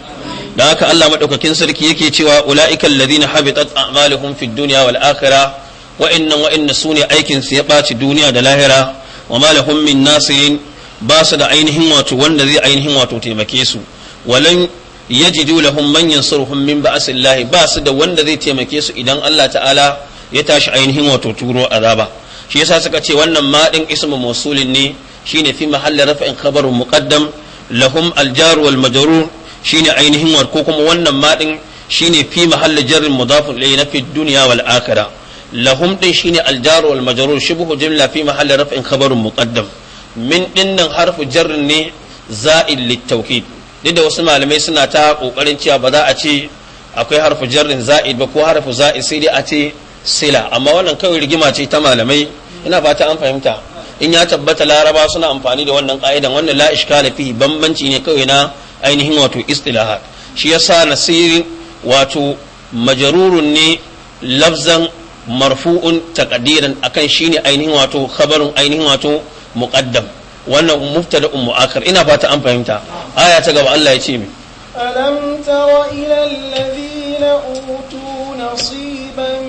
da haka Allah maɗaukakin sarki yake cewa ula'ikan ladina habitat a'maluhum fid dunya wal akhirah wa innan wa inna sune aikin su ya ɓaci duniya da lahira wa ma lahum min nasirin ba su da ainihin wato wanda zai ainihin wato taimake su walan yajidu lahum man yansuruhum min ba'sillahi ba su da wanda zai taimake su idan Allah ta'ala ya tashi ainihin wato turo azaba shi yasa suka ce wannan ma din ismu mausulin ne shine fi mahalli raf'in khabarun muqaddam lahum aljar wal majrur shine ainihin wa ko kuma wannan ma din shine fi mahalli jarrin mudafun ilayhi na fi dunya wal akhira lahum din shine aljar wal majrur shibhu jumla fi mahalli raf'in khabarun muqaddam min dinnan harfu jarrin ne za'il للتوكيد duk da wasu malamai suna ta kokarin cewa ba za a ce akwai harfu jarrin za'id ba ko harfu za'id sai dai a ce sila amma wannan kawai rigima ce ta malamai ina fata an fahimta in ya tabbata laraba suna amfani da wannan ka'idan wannan la iskala fi bambanci ne kawai na ainihin wato istilahat shi yasa nasiri wato majarurun ne lafzan marfu'un taqdiran akan shine ainihin wato khabarun ainihin wato muqaddam wannan ummu mu'akkar ina fata an fahimta aya ta gaba Allah ya ce mi alam tara ila alladhina utu nasiban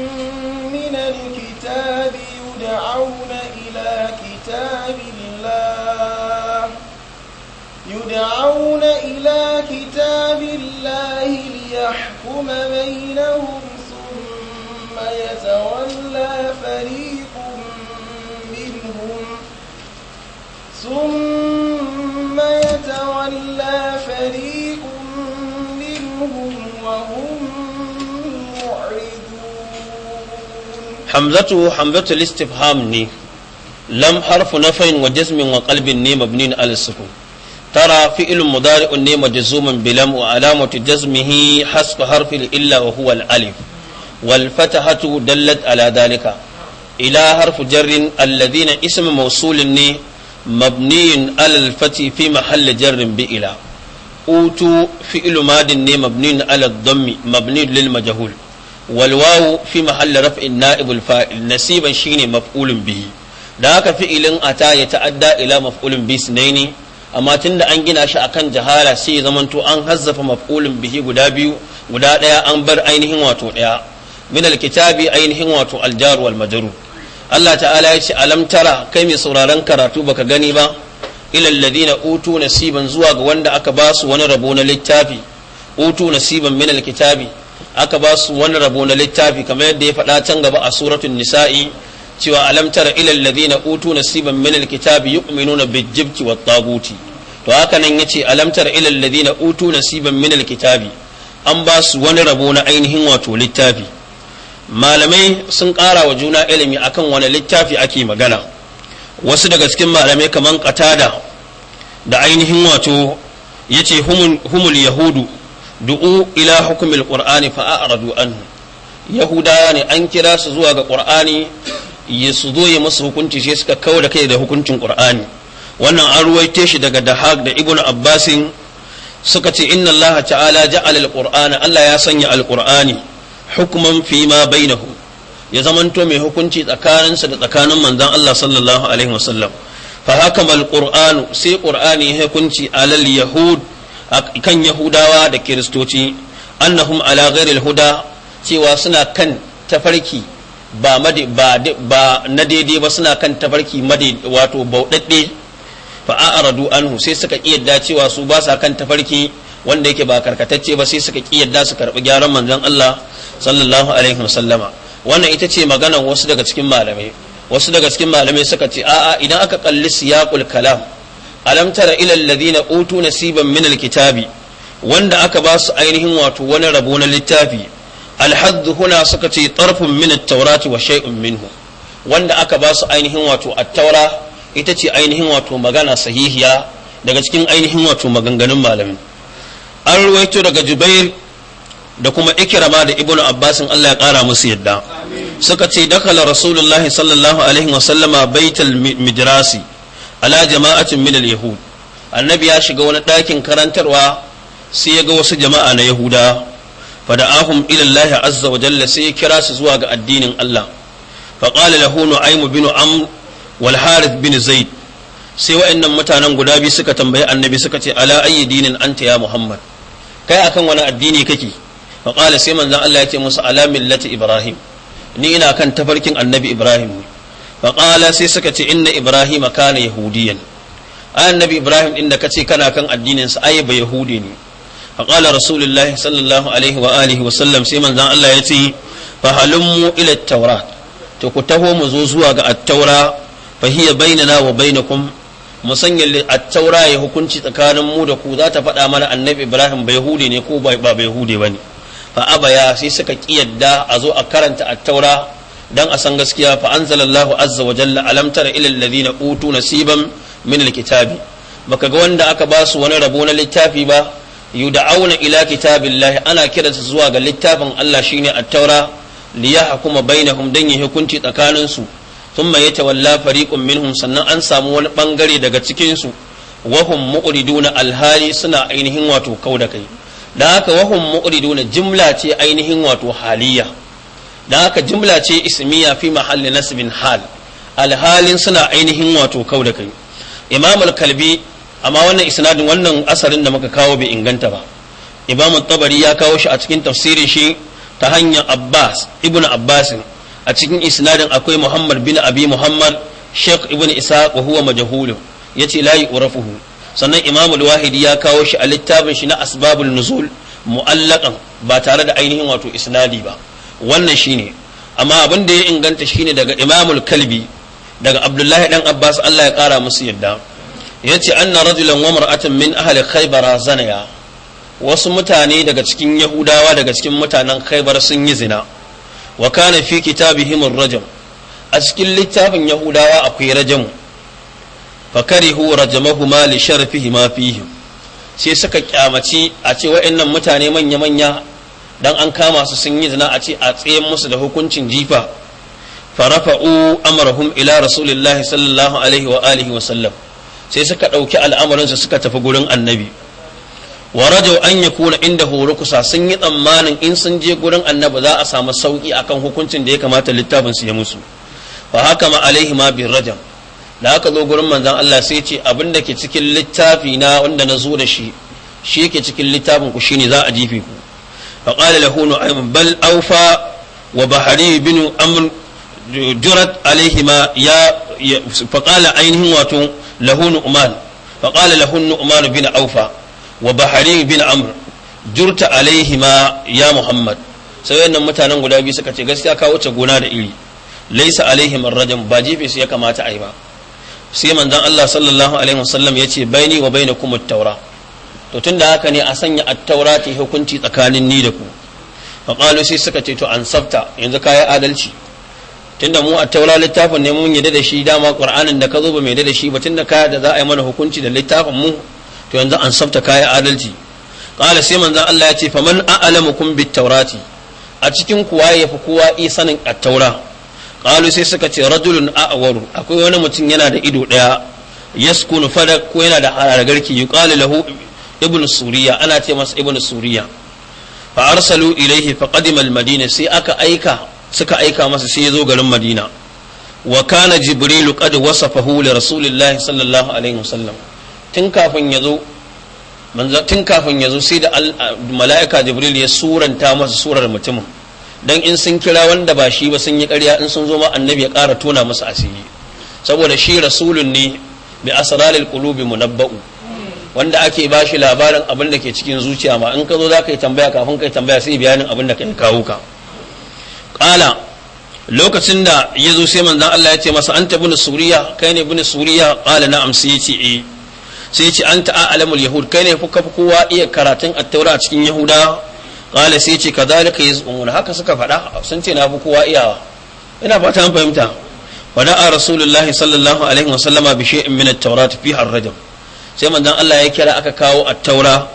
min alkitabi yud'auna ila kitabillah yud'auna ila kitabillah liyahkuma bainahum thumma yatawalla fariqun minhum ثم يتولى فريق منهم وهم معرضون حمزته حمزة الاستفهام ني لم حرف نفع وجزم وقلب ني مبني على السكون ترى فعل مضارع ني مجزوما بلم وعلامة جزمه حسب حرف إلا وهو الألف والفتحة دلت على ذلك إلى حرف جر الذين اسم موصول ني مبني على الفتح في محل جر بإلى أوتوا فعل ماد مبني على الضم مبني للمجهول والواو في محل رفع نائب الفاعل نسيبا شيني مفعول به ذاك فعل ta'adda ila إلى مفعول به سنين amma tunda an gina shi a kan jahala sai zamanto an hazzafa maf'ulin bihi guda biyu guda daya an bar ainihin wato ɗaya min alkitabi ainihin wato aljar wal Allah ta'ala ya ce alam tara kai mai sauraron karatu baka gani ba ilalladi na utu nasiban zuwa ga wanda aka ba su wani rabo na littafi utu nasiban min alkitabi aka ba su wani rabo na littafi kamar yadda ya faɗa can gaba a suratul nisa'i cewa alam tara na ladina utu nasiban min alkitabi yu'minuna bijibti wat taguti to haka nan yace alam tara ilalladi na utu nasiban min alkitabi an ba su wani rabo na ainihin wato littafi malamai sun ƙara wa juna ilimi akan wani littafi ake magana wasu daga cikin malamai kamar katada da ainihin wato ya ce humul yahudu du'u ila hukumil qur'ani fa a'radu anhu yahudawa ne an kira su zuwa ga qur'ani ya su zo ya musu hukunci sai suka kawo da kai da hukuncin qur'ani wannan an ruwaite shi daga dahaq da ibnu abbasin suka ce inna allaha ta'ala ja'ala al allah ya sanya al hukuman fi ma bainahu ya zamanto mai hukunci tsakaninsa da tsakanin manzon Allah sallallahu alaihi wasallam fa hakama qur'anu sai qur'ani hukunci alal yahud kan yahudawa da kiristoci annahum ala ghairi huda cewa suna kan tafarki ba na daidai ba suna kan tafarki wato bauɗaɗɗe fa a'radu anhu sai suka iya dacewa su ba sa kan tafarki wanda yake ba karkatacce ba sai suka kiyarda su karbi gyaran manzon Allah sallallahu alaihi wasallama wannan ita ce maganar wasu daga cikin malamai wasu daga cikin malamai suka ce a'a idan aka kalli siyaqul kalam alam tara ila alladhina utu nasiban min alkitabi wanda aka ba su ainihin wato wani rabo na littafi alhaddu huna suka ce tarfun min at-taurati wa shay'un minhu wanda aka ba su ainihin wato at-taura ita ce ainihin wato magana sahihiya daga cikin ainihin wato maganganun malamin an ruwaito daga jubair da kuma ikirama da ibnu abbasin Allah ya kara musu yadda suka ce dakala rasulullah sallallahu alaihi wa sallama baital midrasi ala jama'atin min al-yahud annabi ya shiga wani ɗakin karantarwa sai ya ga wasu jama'a na yahuda fada ahum Allah azza wa jalla sai ya kira su zuwa ga addinin Allah fa qala lahu nu'aym bin amr wal harith bin zaid sai wa'annan mutanen guda biyu suka tambayi annabi suka ce ala ayyi dinin anta ya muhammad kai akan wani addini kake fa qala sai manzon Allah ya ce musu ala millati ibrahim ni ina kan tafarkin annabi ibrahim ne fa qala sai suka ce inna ibrahim kana yahudiyan ai annabi ibrahim din da kace kana kan addinin sa ai ba yahudi ne fa qala rasulullahi sallallahu alaihi wa alihi wa sallam sai manzon Allah ya ce fa halummu ila at-taurat to ku taho mu zo zuwa ga at-taura fa hiya bainana wa bainakum musanyar attaura ya hukunci tsakanin mu da ku za ta faɗa mana annabi ibrahim bai hude ne ko ba bai hude ba ne fa abaya sai suka yadda a zo a karanta attaura dan a san gaskiya fa anzalallahu azza wa jalla alam tara ila alladhina utu nasiban min alkitabi baka ga wanda aka ba su wani rabo na littafi ba yud'auna ila kitabillahi ana kiransu zuwa ga littafin Allah shine attaura liyahkuma bainahum dan yi hukunci tsakanin su ثم يتولى فريق minhum sannan an samu wani bangare daga cikin su wahum muqriduna alhali suna ainihin wato kau da kai da haka wahum muqriduna jimla ce ainihin wato haliya da haka jimla ce ismiya fi mahalli nasbin hal alhalin suna ainihin wato kau da kai imam al-kalbi amma wannan isnadin wannan asarin da muka kawo bai inganta ba imam tabari ya kawo shi a cikin tafsirin shi ta hanyar abbas ibnu abbasin a cikin isnadin akwai muhammad bin abi muhammad sheikh ibn isa wa huwa majhul yace la yu'rafuhu sannan imam al-wahidi ya kawo shi a littafin shi na asbabul nuzul mu'allaqan ba tare da ainihin wato isnadi ba wannan shine amma abin da ya inganta shine daga imam al-kalbi daga abdullahi dan abbas Allah ya kara musu yadda yace anna rajulan wa mar'atan min ahli khaybar zanaya wasu mutane daga cikin yahudawa daga cikin mutanen khaybar sun yi zina wa kana fi kitabihim rajam a cikin littafin yahudawa akwai rajam fa karihu rajamahuma li sharafihi ma fihi sai suka kyamaci a ce wa'annan mutane manya manya dan an kama su sun yi zina a ce a tsayen musu da hukuncin jifa farafa'u amarahum ila rasulillahi sallallahu alaihi wa alihi wa sallam sai suka ɗauki al'amarinsu suka tafi gurin annabi wa rajau an inda horo kusa sun yi tsammanin in sun je gurin annabi za a samu sauki akan hukuncin da ya kamata littafin su ya musu fa haka ma alaihi ma bir rajam da haka zo gurin manzon Allah sai ce abinda ke cikin littafi na wanda na zo da shi shi ke cikin littafin ku shine za a jife ku fa qala lahu nu'aym bal awfa wa bahari bin amr jurat alaihi ma ya fa qala ainihin wato lahu nu'man fa qala lahu nu'man bin awfa wa bahari bin amr jurta alaihima ya muhammad sai wayannan mutanen guda biyu suka ce gaskiya ka wuce gona da iri laisa alaihim rajam ba jefe su ya kamata a yi ba sai manzon Allah sallallahu alaihi wasallam ya ce baini wa bainakum at-taura to tunda haka ne a sanya at-taura ta hukunci tsakanin ni da ku fa qalu sai suka ce to an sabta yanzu kai adalci tunda mu at-taura littafin ne mun yadda da shi dama qur'anin da ka zo ba mai yadda da shi ba tunda ka da za a yi mana hukunci da littafin mu to yanzu an sabta kaya adalci qala sai manzon Allah ya ce faman a'lamukum bit taurati a cikin kuwa ya fi kowa iya sanin a taura qalu sai suka ce rajulun a'waru akwai wani mutum yana da ido daya yaskunu fadak ko yana da haragarki yuqalu lahu ibn suriya ana ce masa ibn suriya fa arsalu ilaihi fa qadima al-madina sai aka aika suka aika masa sai ya zo garin madina wa kana jibrilu qad wasafahu li rasulillahi sallallahu alaihi wasallam tun kafin ya zo tun kafin ya zo sai da mala'ika jibril ya suranta masa surar mutumin dan in sun kira wanda ba shi ba sun yi ƙarya in sun zo ma annabi ya kara tona masa asiri saboda shi rasulun ne bi asraril qulubi munabba'u wanda ake ba shi labarin abin da ke cikin zuciya ma in ka zo za ka yi tambaya kafin ka yi tambaya sai bayanin abin da ka kawo ka ƙala lokacin da ya zo sai manzon Allah ya ce masa anta bin suriya kai ne bin suriya ƙala na'am sai ya ce eh sai ce anta a'lamul yahud kai ne kuka kowa iya karatun at-taura a cikin yahuda qala sai ce kadhalika yaz'umuna haka suka faɗa sun ce na fi kowa iyawa ina fata an fahimta wada'a rasulullahi sallallahu alaihi wa sallama bi shay'in min at-taurat fi ar-rajm sai manzon Allah ya kira aka kawo at-taura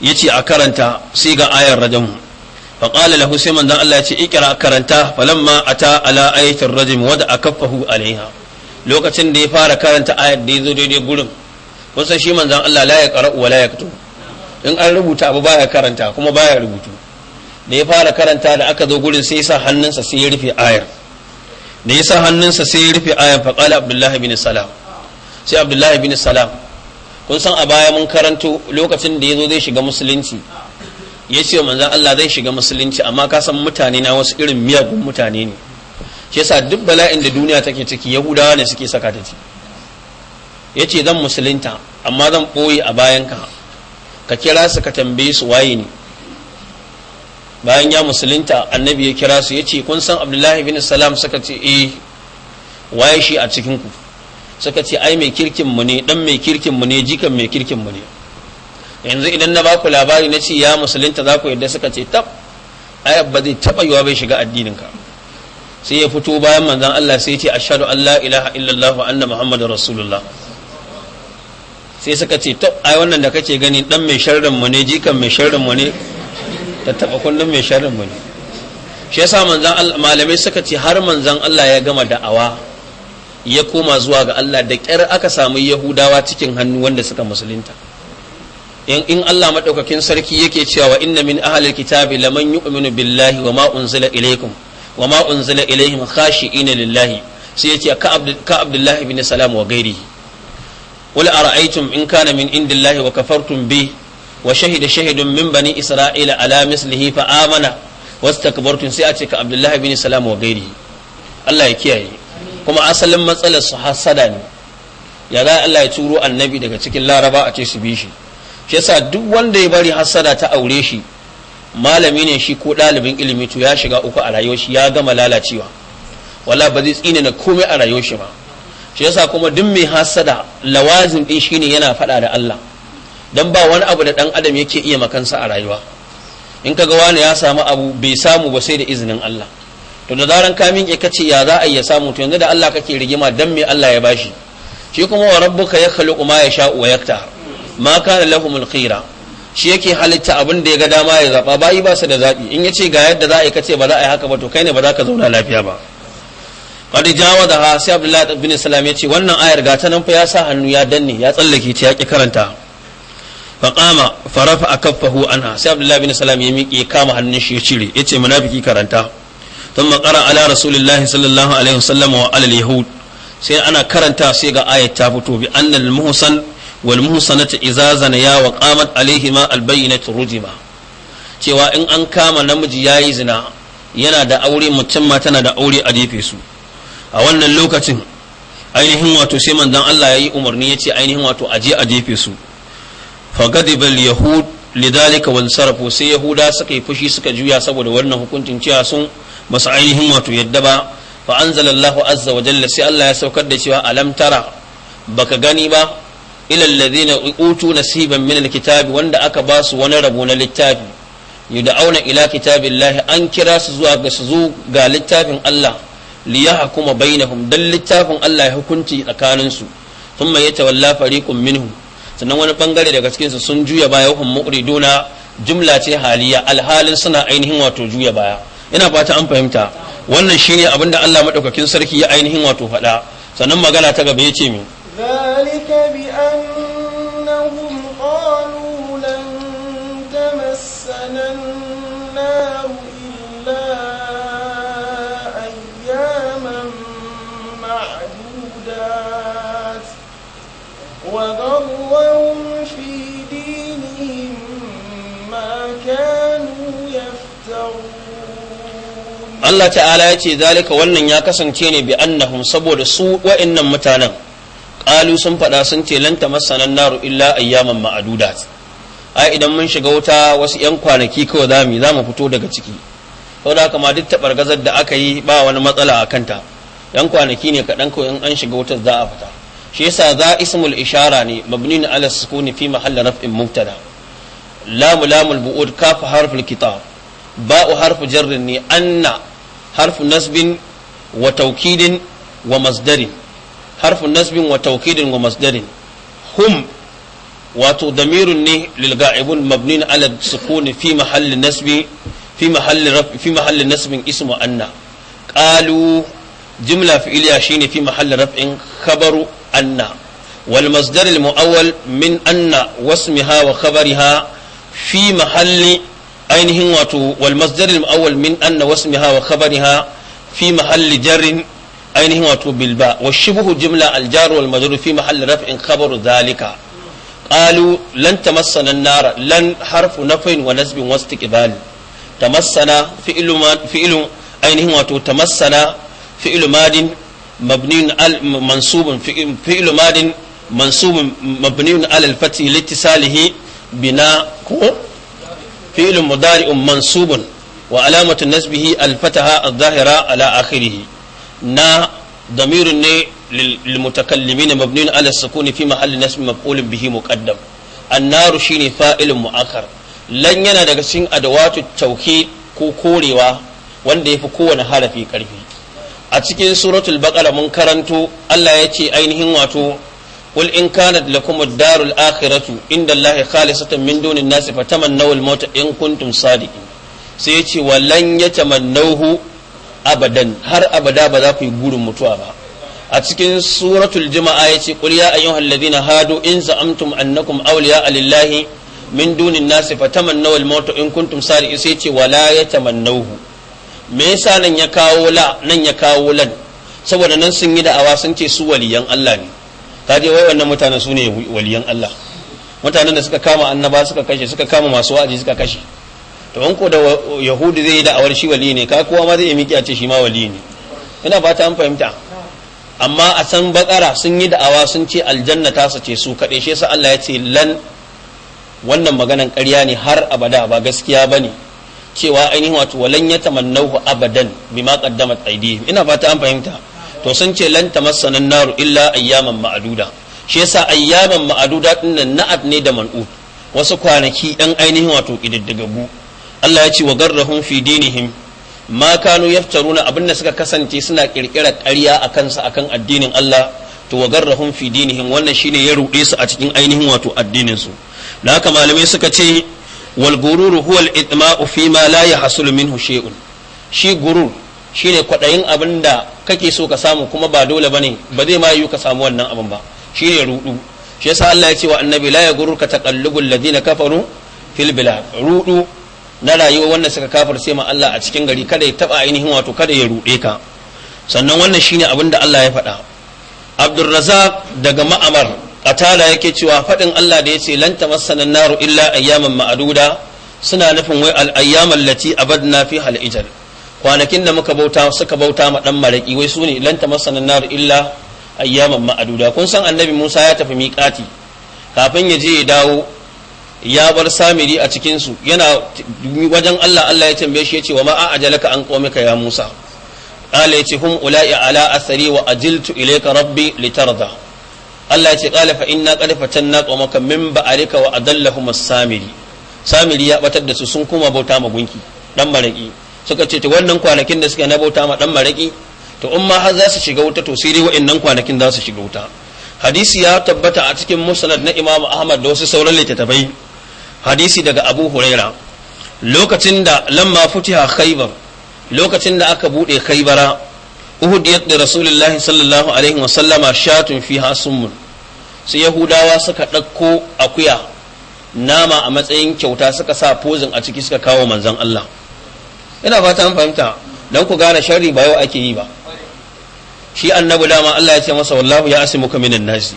yace a karanta sai ga ayar rajm فقال له سيما دان الله يتي اقرا كرنتا فلما اتى على ايه الرجم ودع كفه عليها لوكacin da ya fara karanta ayar da zo daidai gurin kun san shi manzan Allah la yaqra'u wa la kutu in an rubuta abu baya karanta kuma baya rubutu da ya fara karanta da aka zo gurin sai sa hannunsa sai ya rufe ayar da ya sa hannunsa sai ya rufe ayar fa qala abdullahi bin salam sai abdullahi bin salam kun san a baya mun karanto lokacin da ya zo zai shiga musulunci ya ce wa manzan Allah zai shiga musulunci amma ka san mutane na wasu irin miyagun mutane ne shi yasa duk bala'in da duniya take ciki yahudawa ne suke saka ta ciki ya ce zan musulunta amma zan ɓoye a bayanka ka kira su ka tambaye su waye ne bayan ya musulunta annabi ya kira su ya ce kun san abdullahi bin salam suka ce eh waye shi a cikinku suka ce ai mai kirkin mu ne dan mai kirkin mu ne jikan mai kirkin mu ne yanzu idan na baku labari na ce ya musulunta za ku yadda suka ce tab ai ba zai taba yiwa bai shiga addinin ka sai ya fito bayan manzon Allah sai ya ce ashhadu an la ilaha illallah wa anna muhammadar rasulullah sai suka ce to ai wannan da kake gani dan mai sharrin mu ne jikan mai sharrin mu ne taba kullum mai sharrin mu ne shi yasa manzan malamai suka ce har manzan Allah ya gama da'awa ya koma zuwa ga Allah da ƙyar aka samu Yahudawa cikin hannu wanda suka musulunta in Allah madaukakin sarki yake cewa wa inna min ahlil kitabi laman yu'minu billahi wa ma unzila ilaykum wa ma unzila ilayhim khashi'ina lillahi sai yace ka abdullahi bin salam wa gairihi in قل أرأيتم إن كان من عند الله وكفرتم به وشهد شهد من بني إسرائيل على مثله فآمن واستكبرتم سيأتيك عبد الله بن سلام وغيره الله يكيه كما أصلا مسألة حسدا يا ذا ya turo annabi daga cikin laraba a ce su bi shi shi yasa duk wanda ya bari hasada ta aure shi malami ne shi ko ɗalibin ilimi to ya shiga uku a rayuwar shi ya gama lalacewa wala ba zai tsine na komai a rayuwar shi ba shi yasa kuma duk mai hasada lawazin din shine yana fada da Allah dan ba wani abu da dan adam yake iya makansa a rayuwa in kaga wani ya samu abu bai samu ba sai da izinin Allah to da zaran ka min kace ya za a iya samu to yanzu da Allah kake rigima dan mai Allah ya bashi shi kuma wa rabbuka yakhluqu ma yasha wa yakta ma kana lahumul khira shi yake halitta abin da ya ga dama ya zaba ba'i ba su da zabi in yace ga yadda za a yi kace ba za a yi haka ba to kai ne ba za ka zauna lafiya ba qad jawadaha sai abdullahi ibn ya ce wannan ayar ga ta nan fa ya sa hannu ya danne ya tsallake ta ya ki karanta fa qama farafa akaffahu anha sai abdullahi bin salam ya miƙe kama hannun shi ya cire muna biki karanta tun makara ala rasulillahi sallallahu alaihi sallam wa ala yahud sai ana karanta sai ga ayat ta fito bi annal muhsan wal muhsanatu idza zanaya wa qamat alaihima al bayyinatu rujima cewa in an kama namiji yayi zina yana da aure mutum ma tana da aure a jefe su a wannan lokacin ainihin wato sai manzon Allah ya yi umarni ya ce ainihin wato aje a jefe su فغضب اليهود wal وانصرفوا sai yahuda suka yi fushi suka juya saboda wannan hukuncin cewa sun basu ainihin wato yadda ba fa anzalallahu azza wa jalla sai Allah ya saukar da cewa alam tara baka gani ba ila alladhina utu nasiban min kitabi wanda aka ba su wani rabo na littafi auna ila kitabillahi an kira su zuwa ga su zo ga littafin Allah liyaha kuma bainahum dan littafin Allah ya hukunci tsakanin su thumma yatawalla fariqun minhum sannan wani bangare daga cikin su sun juya baya hukum muqriduna jumla ce haliya alhalin suna ainihin wato juya baya ina fata an fahimta wannan shine abin da Allah madaukakin sarki ya ainihin wato faɗa sannan magana ta gaba yace min zalika bi بغوا في دينهم ما كانوا يفترون Allah ta'ala ya ce zalika wannan ya kasance ne bi annahum saboda su wa'annan mutanen ƙalu sun faɗa sun ce lanta masanan naru illa ayyaman ma'adudat ai idan mun shiga wuta wasu 'yan kwanaki kawai za mu za mu fito daga ciki saboda haka ma duk taɓargazar da aka yi ba wani matsala a kanta 'yan kwanaki ne kaɗan kawai in an shiga wutar za a fita shi yasa za ismul ishara ne mabni ala sukuni fi mahall raf'in mubtada lamu lamul bu'ud kaf harful kitab ba'u harfu jarrin ne anna harfu nasbin wa tawkidin wa masdarin harfu nasbin wa tawkidin wa masdarin hum wato damirun ne lil ga'ibun mabni ala sukuni fi mahall nasbi fi mahall fi mahall nasbin ismu anna qalu جملة فعلية شيني في محل رفع خبر أن والمصدر المؤول من أن واسمها وخبرها في محل أينه واتو والمصدر المؤول من أن واسمها وخبرها في محل جر أينه واتو بالباء والشبه جملة الجار والمجرور في محل رفع خبر ذلك قالوا لن تمسنا النار لن حرف نفع ونسب واستقبال تمسنا فعل فعل أينه واتو تمسنا fi'lu madin mabniun al mansubun fi'lu madin mansubun mabniun ala al wa alamatu nasbihi al-fataha adh-dhahira ala akhirih na damirun ne للمتكلمين مبني على السكون في محل نسب مفعول به مقدم النار شيني فاعل مؤخر لن ينا daga cikin adawatu tauki ko korewa wanda yafi kowane harafi karfi a cikin suratul baqara mun karanto Allah ya ce ainihin wato qul in kanat lakum ad-darul akhiratu inda Allah khalisatan min dunin nas fatamannaw al-maut in kuntum sadiqin sai ya ce walan yatamannahu abadan har abada ba za ku yi gurin mutuwa ba a cikin suratul ya yace qul ya ayyuhal ladina hadu in za'amtum annakum awliya lillahi min dunin nas fatamannaw al-maut in kuntum sadiqin sai ya ce wala yatamannahu me yasa nan ya kawo la nan ya kawo lan saboda nan sun yi da'awa sun ce su waliyan Allah ne kaje je wai wannan mutanen su ne waliyan Allah mutanen da suka kama annaba suka kashe suka kama masu wa'azi suka kashe to an ko da yahudi zai yi da'awar shi wali ne ka kowa ma zai yi miki a ce shi ma wali ne ina fata an fahimta amma a san bakara sun yi da'awa sun ce aljanna ta su ce su kaɗai shi yasa Allah ya ce lan wannan maganan ƙarya ne har abada ba gaskiya bane cewa ainihin wato walan ya tamannahu abadan bima qaddamat aydihim ina fata an fahimta to sun ce lan tamassana naru illa ayyaman ma'aduda shi yasa ayyaman ma'aduda dinnan na'at ne da man'u wasu kwanaki dan ainihin wato kididdigabu Allah ya ce wa garrahum fi dinihim ma kanu yaftaruna abin da suka kasance suna kirkira ƙarya a kansa akan addinin Allah to wa garrahum fi dinihim wannan shine ya ruɗe su a cikin ainihin wato addinin su da haka malamai suka ce wal gururu huwa al itma'u fi ma la yahsul minhu shay'un shi gurur shine kwadayin abin da kake so ka samu kuma ba dole bane ba zai ma yiwu ka samu wannan abin ba shine rudu shi yasa Allah ya ce wa annabi la ka taqallubul ladina kafaru fil bilad rudu na rayuwa wannan suka kafar sai ma Allah a cikin gari kada ya taba ainihin wato kada ya rude ka sannan wannan shine abin da Allah ya faɗa Abdurrazzaq daga ma'amar tala yake cewa faɗin Allah da yace lan tamassana naru illa ayyaman ma'aduda suna nufin wai al ayyaman lati abadna fi hal ijal kwanakin da muka bauta suka bauta ma dan maraki wai sune lan tamassana naru illa ayyaman ma'aduda kun san annabi Musa ya tafi miƙati kafin ya je ya dawo ya bar samiri a cikin su yana wajen Allah Allah ya tambaye shi yace wa ma ajalaka an qaumika ya Musa qala yace hum ula'i ala asari wa ajiltu ilayka rabbi litarda Allah ya ce qala fa inna qad fatanna qawmaka min ba'alika wa adallahu as-samiri samiri ya batar da su sun kuma bauta ma gunki dan maraki suka ce ta wannan kwanakin da suka na bauta ma dan maraki to in ma har za su shiga wuta to sai dai wa'annan kwanakin za su shiga wuta hadisi ya tabbata a cikin musnad na Imam Ahmad da wasu sauran littattafai hadisi daga Abu Huraira lokacin da lamma futiha Khaybar lokacin da aka bude Khaybara uhud da Rasulullahi sallallahu alaihi wa sallama shatun fiha summun sai yahudawa suka ɗauko akuya nama a matsayin kyauta suka sa fozin a ciki suka kawo manzan Allah ina fata an fahimta don ku gane sharri ba yau ake yi ba shi annabi dama Allah ya ce masa wallahu ya asimuka minan nasi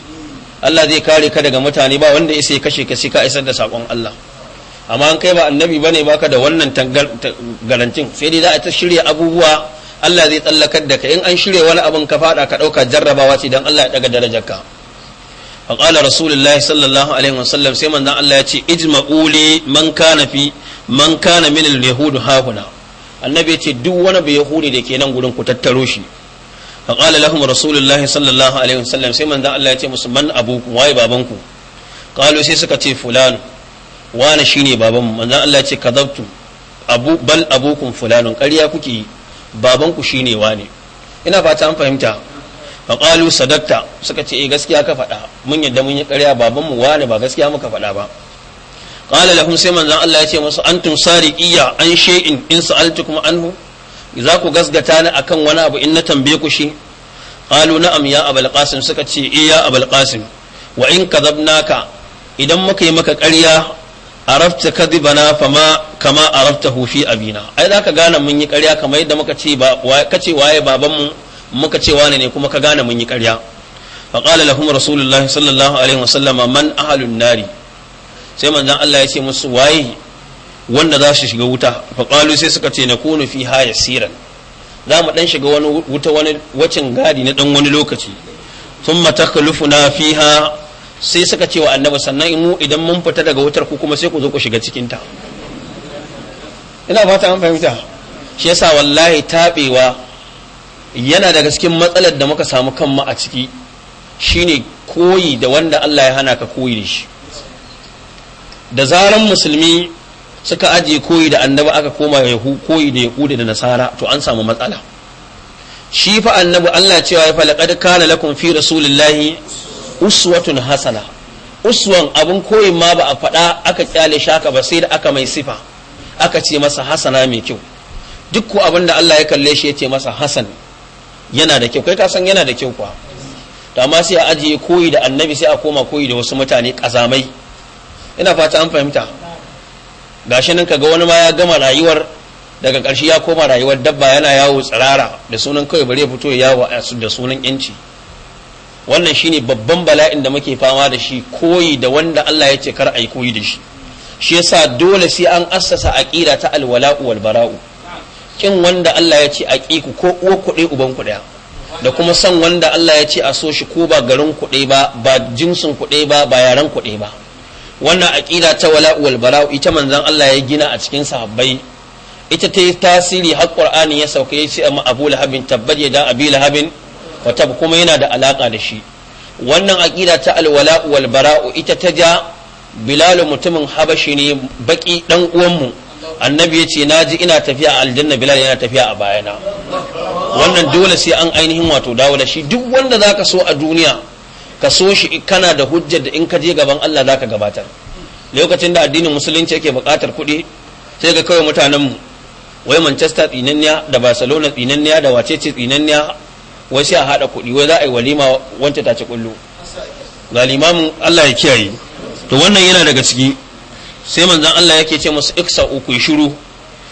Allah zai kare ka daga mutane ba wanda ya kashe ka sai ka isar da sakon Allah amma an kai ba annabi bane baka da wannan garantin sai dai za a ta shirya abubuwa Allah zai tsallakar da ka in an shirya wani abin ka fada ka ɗauka jarrabawa ce dan Allah ya daga ka. فقال رسول الله صلى الله عليه وسلم سيما أن الله يأتي اجمعوا لي من كان في من كان من اليهود ها هنا النبي يأتي دو وانا بيهودي دي كينا نقولون كتتروشي فقال لهم رسول الله صلى الله عليه وسلم سيما أن الله يأتي من أبوكم واي بابنكم قالوا سيسكتي فلان وانا شيني بابن من الله يأتي كذبتم أبو بل أبوكم فلان قال يا كوكي babanku shine wane ina fata an fahimta faƙalu sadakta suka ce eh gaskiya ka faɗa mun yadda mun yi ƙarya babanmu wani ba gaskiya muka faɗa ba qala lahum sai manzon Allah ya ce musu antum sariqiyya an shay'in in sa'altukum anhu za ku gasgata ni akan wani abu in na tambaye ku shi ƙalu na'am ya abul qasim suka ce eh ya abul qasim wa in kadhabnaka idan muka yi maka ƙarya arafta kadhibana fama kama hufi fi abina ai zaka gane mun yi ƙarya kamar yadda muka ce kace waye babanmu muka ce wane ne kuma ka gane mun yi ƙarya fa qala lahum rasulullahi sallallahu alaihi wasallama man ahalun nari sai manzon Allah ya ce musu waye wanda za su shiga wuta fa qalu sai suka ce na kunu fi ha yasiran za mu dan shiga wani wuta wani wacin gadi na dan wani lokaci thumma taklufuna fiha sai suka ce wa annabi sannan mu idan mun fita daga wutar ku kuma sai ku zo ku shiga cikinta ta ina fata an fahimta shi yasa wallahi taɓewa. yana daga cikin matsalar da muka samu kan kanmu a ciki shine koyi da wanda Allah ya hana ka koyi da shi da zaran musulmi suka ajiye koyi da annabi aka koma yahu koyi da yahudi da nasara to an samu matsala shi fa annabi Allah cewa ya fa laqad kana lakum fi rasulillahi uswatun hasana uswan abun koyi ma ba a faɗa aka kyale shaka ba sai da aka mai sifa aka ce masa hasana mai kyau duk ko abin da Allah ya kalle shi ya ce masa hasan yana da kyau kai ka san yana da kyau kuwa to amma sai a ajiye koyi da annabi sai a koma koyi da wasu mutane kazamai ina fata an fahimta gashi nan kaga wani ma ya gama rayuwar daga ƙarshe ya koma rayuwar dabba yana yawo tsirara da sunan kawai bari ya fito ya yawo da sunan yanci wannan shine babban bala'in da muke fama da shi koyi da wanda Allah ya ce kar a yi koyi da shi shi yasa dole sai an assasa aqida ta alwala'u wal bara'u kin wanda Allah ya ce a ku ko uwa kuɗe uban kuɗi da kuma san wanda Allah ya ce a so shi ko ba garin kuɗe ba ba jinsin kuɗe ba ba yaren kuɗi ba wannan aƙida ta wala wal bara'u ita manzon Allah ya gina a cikin sahabbai ita ta yi tasiri har Qur'ani ya sauka ya ci amma Abu Lahabin tabbat ya da Abi Lahabin wa tab kuma yana da alaka da shi wannan aƙida ta alwala wal bara'u ita ta ja Bilal mutumin Habashi ne baki dan uwanmu mu annabi ya ce na ji ina tafiya a aljanna bilal yana tafiya a bayana wannan dole sai an ainihin wato dawo da shi duk wanda zaka so a duniya ka so shi kana da hujjar da in ka je gaban Allah zaka gabatar lokacin da addinin musulunci yake bukatar kuɗi sai ga kawai mutanen mu wai Manchester tsinanniya da Barcelona tsinanniya da wacece tsinanniya wai sai a haɗa kuɗi wai za a yi walima wance ta ci kullu ga limamin Allah ya kiyaye to wannan yana daga cikin sai manzan Allah yake ce musu iksa ku shiru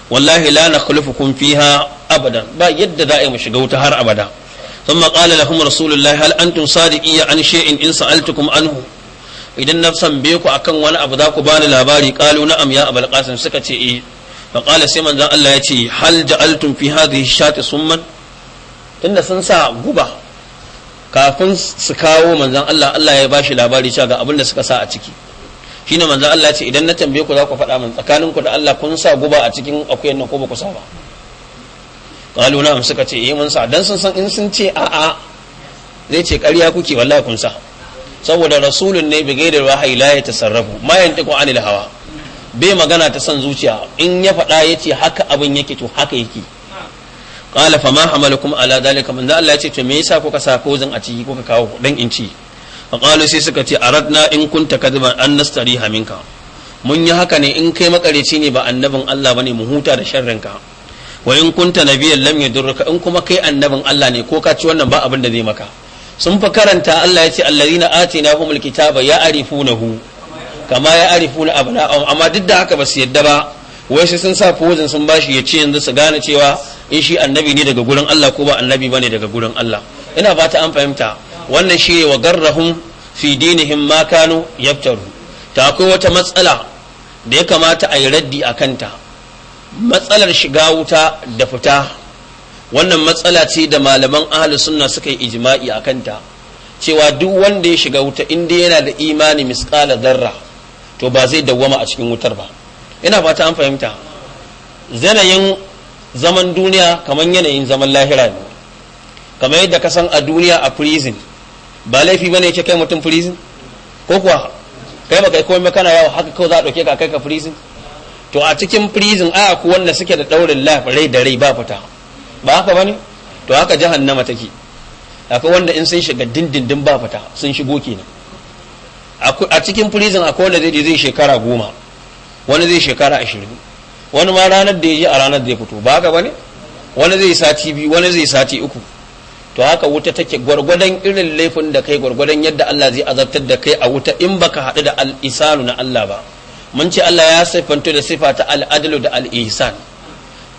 wallahi la nakhlufukum fiha abadan ba yadda za a yi mu shiga wuta har abada ثم قال لهم رسول an هل انتم صادقين عن in ان سالتكم anhu idan na be ku akan wani abu za ku bani labari qalu na'am ya abul qasim suka ce eh fa qala sai manzan Allah ya ce hal ja'altum fi hadhihi shati summan tunda sun sa guba kafin su kawo manzan Allah Allah ya bashi labari cewa ga abin da suka sa a ciki ne manzan Allah ce idan na tambaye ku za ku faɗa min tsakanin ku da Allah kun sa guba a cikin akuyan nan ko ba ku sa ba kalu na suka ce eh mun sa dan sun san in sun ce a'a zai ce ƙarya kuke wallahi kun sa saboda rasulun ne bi gaidar wahayi la tasarrafu ma yantiku anil hawa bai magana ta san zuciya in ya faɗa ya ce haka abin yake to haka yake qala ma hamalukum ala zalika manzan Allah ya ce to me yasa kuka sa kozin a ciki kuka kawo dan in ci faqalu sai suka ce aradna in kunta kadiba an nastariha minka mun yi haka ne in kai makareci ne ba annabin Allah bane mu huta da sharrinka wa in kunta nabiyyan lam yadurruka in kuma kai annabin Allah ne ko ka ci wannan ba abin da zai maka sun fa karanta Allah ya ce allazina humul kitaba ya arifunahu kama ya arifuna abna'ahum amma duk da haka ba su yadda ba wai sai sun sa fozin sun bashi ya ce yanzu su gane cewa in shi annabi ne daga gurin Allah ko ba annabi bane daga gurin Allah ina ba an fahimta wannan shi wa garrahum fi dinihim ma kanu yaftaru ta akwai wata matsala da ya kamata a yi raddi a kanta matsalar shiga wuta da fita wannan matsala ce da malaman ahalus sunna suka yi ijma'i a kanta cewa duk wanda ya shiga wuta inda yana da imani misqala zarra to ba zai dawwama a cikin wutar ba ina fata an fahimta zanayin zaman duniya kamar yanayin zaman lahira ne kamar yadda ka san a duniya a prison ba laifi bane ce kai mutum prison ko kuwa kai ba kai komai kana yawo haka kawai za a dauke ka kai ka prison to a cikin prison ai ku wanda suke da daurin rai da rai ba fita ba haka bane to haka jahannama take akwai wanda in sun shiga dindindin ba fita sun shigo kenan a cikin prison akwai wanda zai zai shekara goma wani zai shekara ashirin wani ma ranar da ya je a ranar da ya fito ba haka bane wani zai sati biyu wani zai sati uku to haka wuta take gwargwadon irin laifin da kai gwargwadon yadda Allah zai azabtar da kai a wuta in baka haɗu da al-isalu na Allah ba mun ce Allah ya siffanto da sifa ta al-adlu da al-ihsan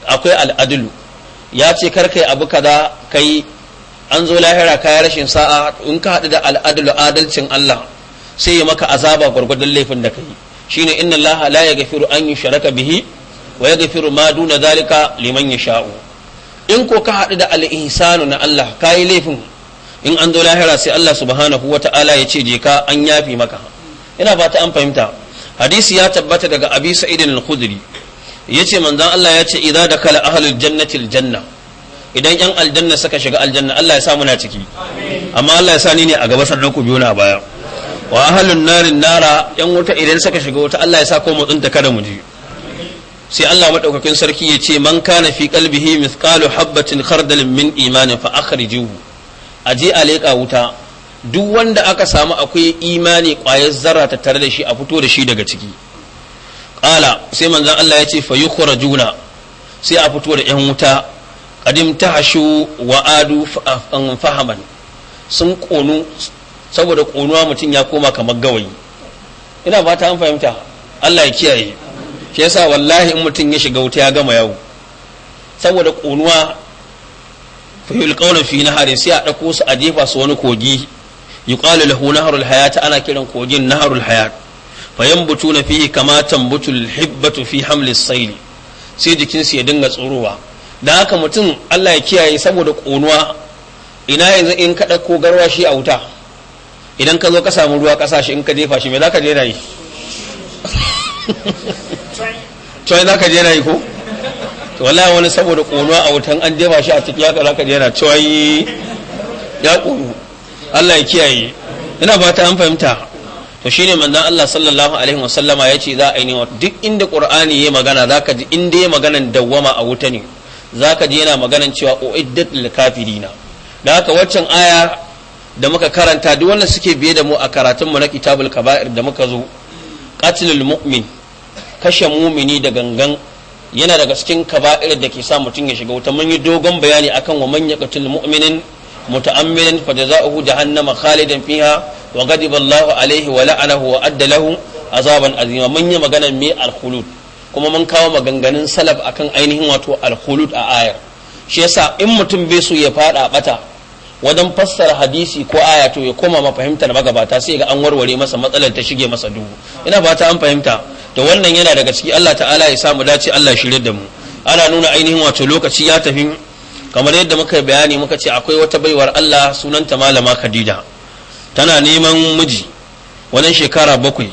akwai al-adlu ya ce kar kai abu kaza kai an zo lahira kai rashin sa'a in ka haɗu da al-adlu adalcin Allah sai ya maka azaba gwargwadon laifin da kai shine inna Allah la yaghfiru an yushraka bihi wa yaghfiru ma duna zalika liman yasha'u in ko ka haɗu da al'ihisanu na Allah ka yi laifin in an zo lahira sai Allah subhanahu wa ta'ala ya ce je ka an yafi maka ina ba ta an fahimta hadisi ya tabbata daga abi sa'idin al-khudri yace manzon Allah ya ce idza dakala ahlul jannati al-janna idan yan aljanna suka shiga aljanna Allah ya sa muna ciki amma Allah ya sa ni ne a gaba sannan ku biyo na baya wa ahlun narin nara yan wuta idan suka shiga wuta Allah ya sa ko mutsunta kada mu je sai Allah madaukakin sarki ya ce man kana fi kalbihi mithqalu habatin khardalin min imanin fa akhrijuhu aje a leƙa wuta duk wanda aka samu akwai imani ƙwayar zarra ta tare da shi a fito da shi daga ciki ƙala sai manzan Allah ya ce fa juna sai a fito da ‘yan wuta kadim ta hashu wa adu fahaman sun ƙonu saboda ƙonuwa mutum ya koma kamar gawayi ina fata an fahimta Allah ya kiyaye shi yasa wallahi in mutum ya shiga wuta ya gama yawo saboda ƙunuwa fa yulqawna fi nahari sai a ɗauko su a jefa su wani kogi yuqalu lahu naharul hayat ana kiran kogin naharul hayat fa na fihi kama tambutu hibbatu fi hamlis sayl sai jikinsu ya dinga tsorowa dan haka mutum Allah ya kiyaye saboda kunuwa ina yanzu in ka garwa shi a wuta idan ka zo ka samu ruwa ƙasashe in ka jefa shi me za ka yi to za ka je na yi ko wallahi wani saboda ƙonuwa a wutan an jefa shi a ciki ya za ka je na cewa ya ƙonu Allah ya kiyaye ina ba ta an fahimta to shine manzon Allah sallallahu alaihi wasallama yace za a yi ne duk inda Qur'ani ya magana zaka ji inda ya magana dawwama a wuta ne zaka ji yana maganan cewa iddat lil kafirina da haka waccan aya da muka karanta duk wanda suke biye da mu a karatun mu na kitabul kaba'ir da muka zo qatlul mu'min kashe mumini da gangan yana daga cikin kaba'ir da ke sa mutum ya shiga wuta mun yi dogon bayani akan wa manya yaqtul mu'minin muta'ammidan fa jazaohu jahannama khalidan fiha wa ghadiba Allahu alaihi wa la'anahu wa adda lahu azaban azima mun yi magana mai al kuma mun kawo maganganun salaf akan ainihin wato al a ayar shi yasa in mutum bai so ya fada bata wajen fassara hadisi ko aya to ya koma mafahimtar magabata sai ga an warware masa matsalar ta shige masa dubu ina ba ta an fahimta to wannan yana daga ciki Allah ta'ala ya samu dace Allah shirye da mu ana nuna ainihin wato lokaci ya tafi kamar yadda muka bayani muka ce akwai wata baiwar Allah sunanta malama Khadija tana neman miji wannan shekara bakwai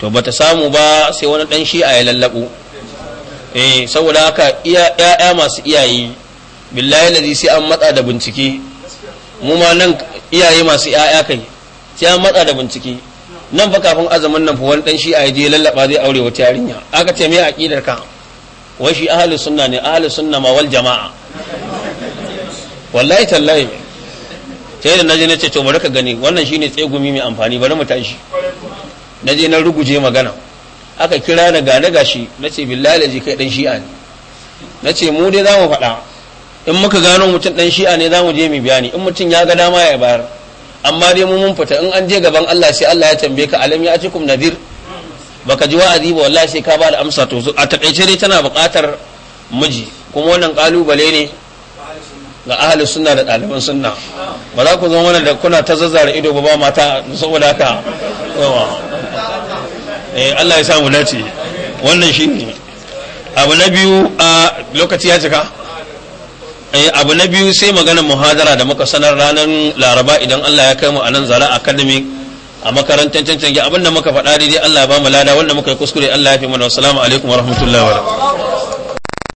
to bata samu ba sai wani dan shi a ya lallabo eh saboda haka iya ya'ya masu iyaye billahi ladi sai an matsa da bincike mu ma nan iyaye masu ya'ya kai sai an matsa da bincike nan fa kafin azumin nan fa wani dan shi a je lallaba zai aure wata yarinya aka ce mai aqidar ka wai shi ahli sunna ne ahli sunna ma wal jamaa wallahi tallahi sai da naje nace to bari ka gani wannan shine tsegumi mai amfani bari mu tashi naje na ruguje magana aka kira na ga na gashi nace billahi laji kai dan shi'a ne nace mu dai zamu faɗa in muka gano mutum dan shi'a ne zamu je mu bayani in mutum ya ga dama ya bayar amma dai mu mun fita in an je gaban Allah sai Allah ya tambaye ka alam ya ajikum nadir baka ji wa'azi ba wallahi sai ka ba da amsa to a takaice dai tana buƙatar miji kuma wannan kalubale ne ga ahli sunna da ɗaliban sunna ba za ku zama wannan da kuna ta zazzara ido ba mata saboda haka eh, Allah ya samu dace wannan shi ne abu na biyu a lokaci ya cika Eh, abu na biyu sai magana muhadara da muka sanar ranar laraba idan Allah ya kai mu a nan zara academy a makarantar cancanci abin da muka faɗa daidai Allah ya ba mu lada wanda muka yi kuskure Allah ya fi mana wassalamu alaikum wa rahmatullahi wa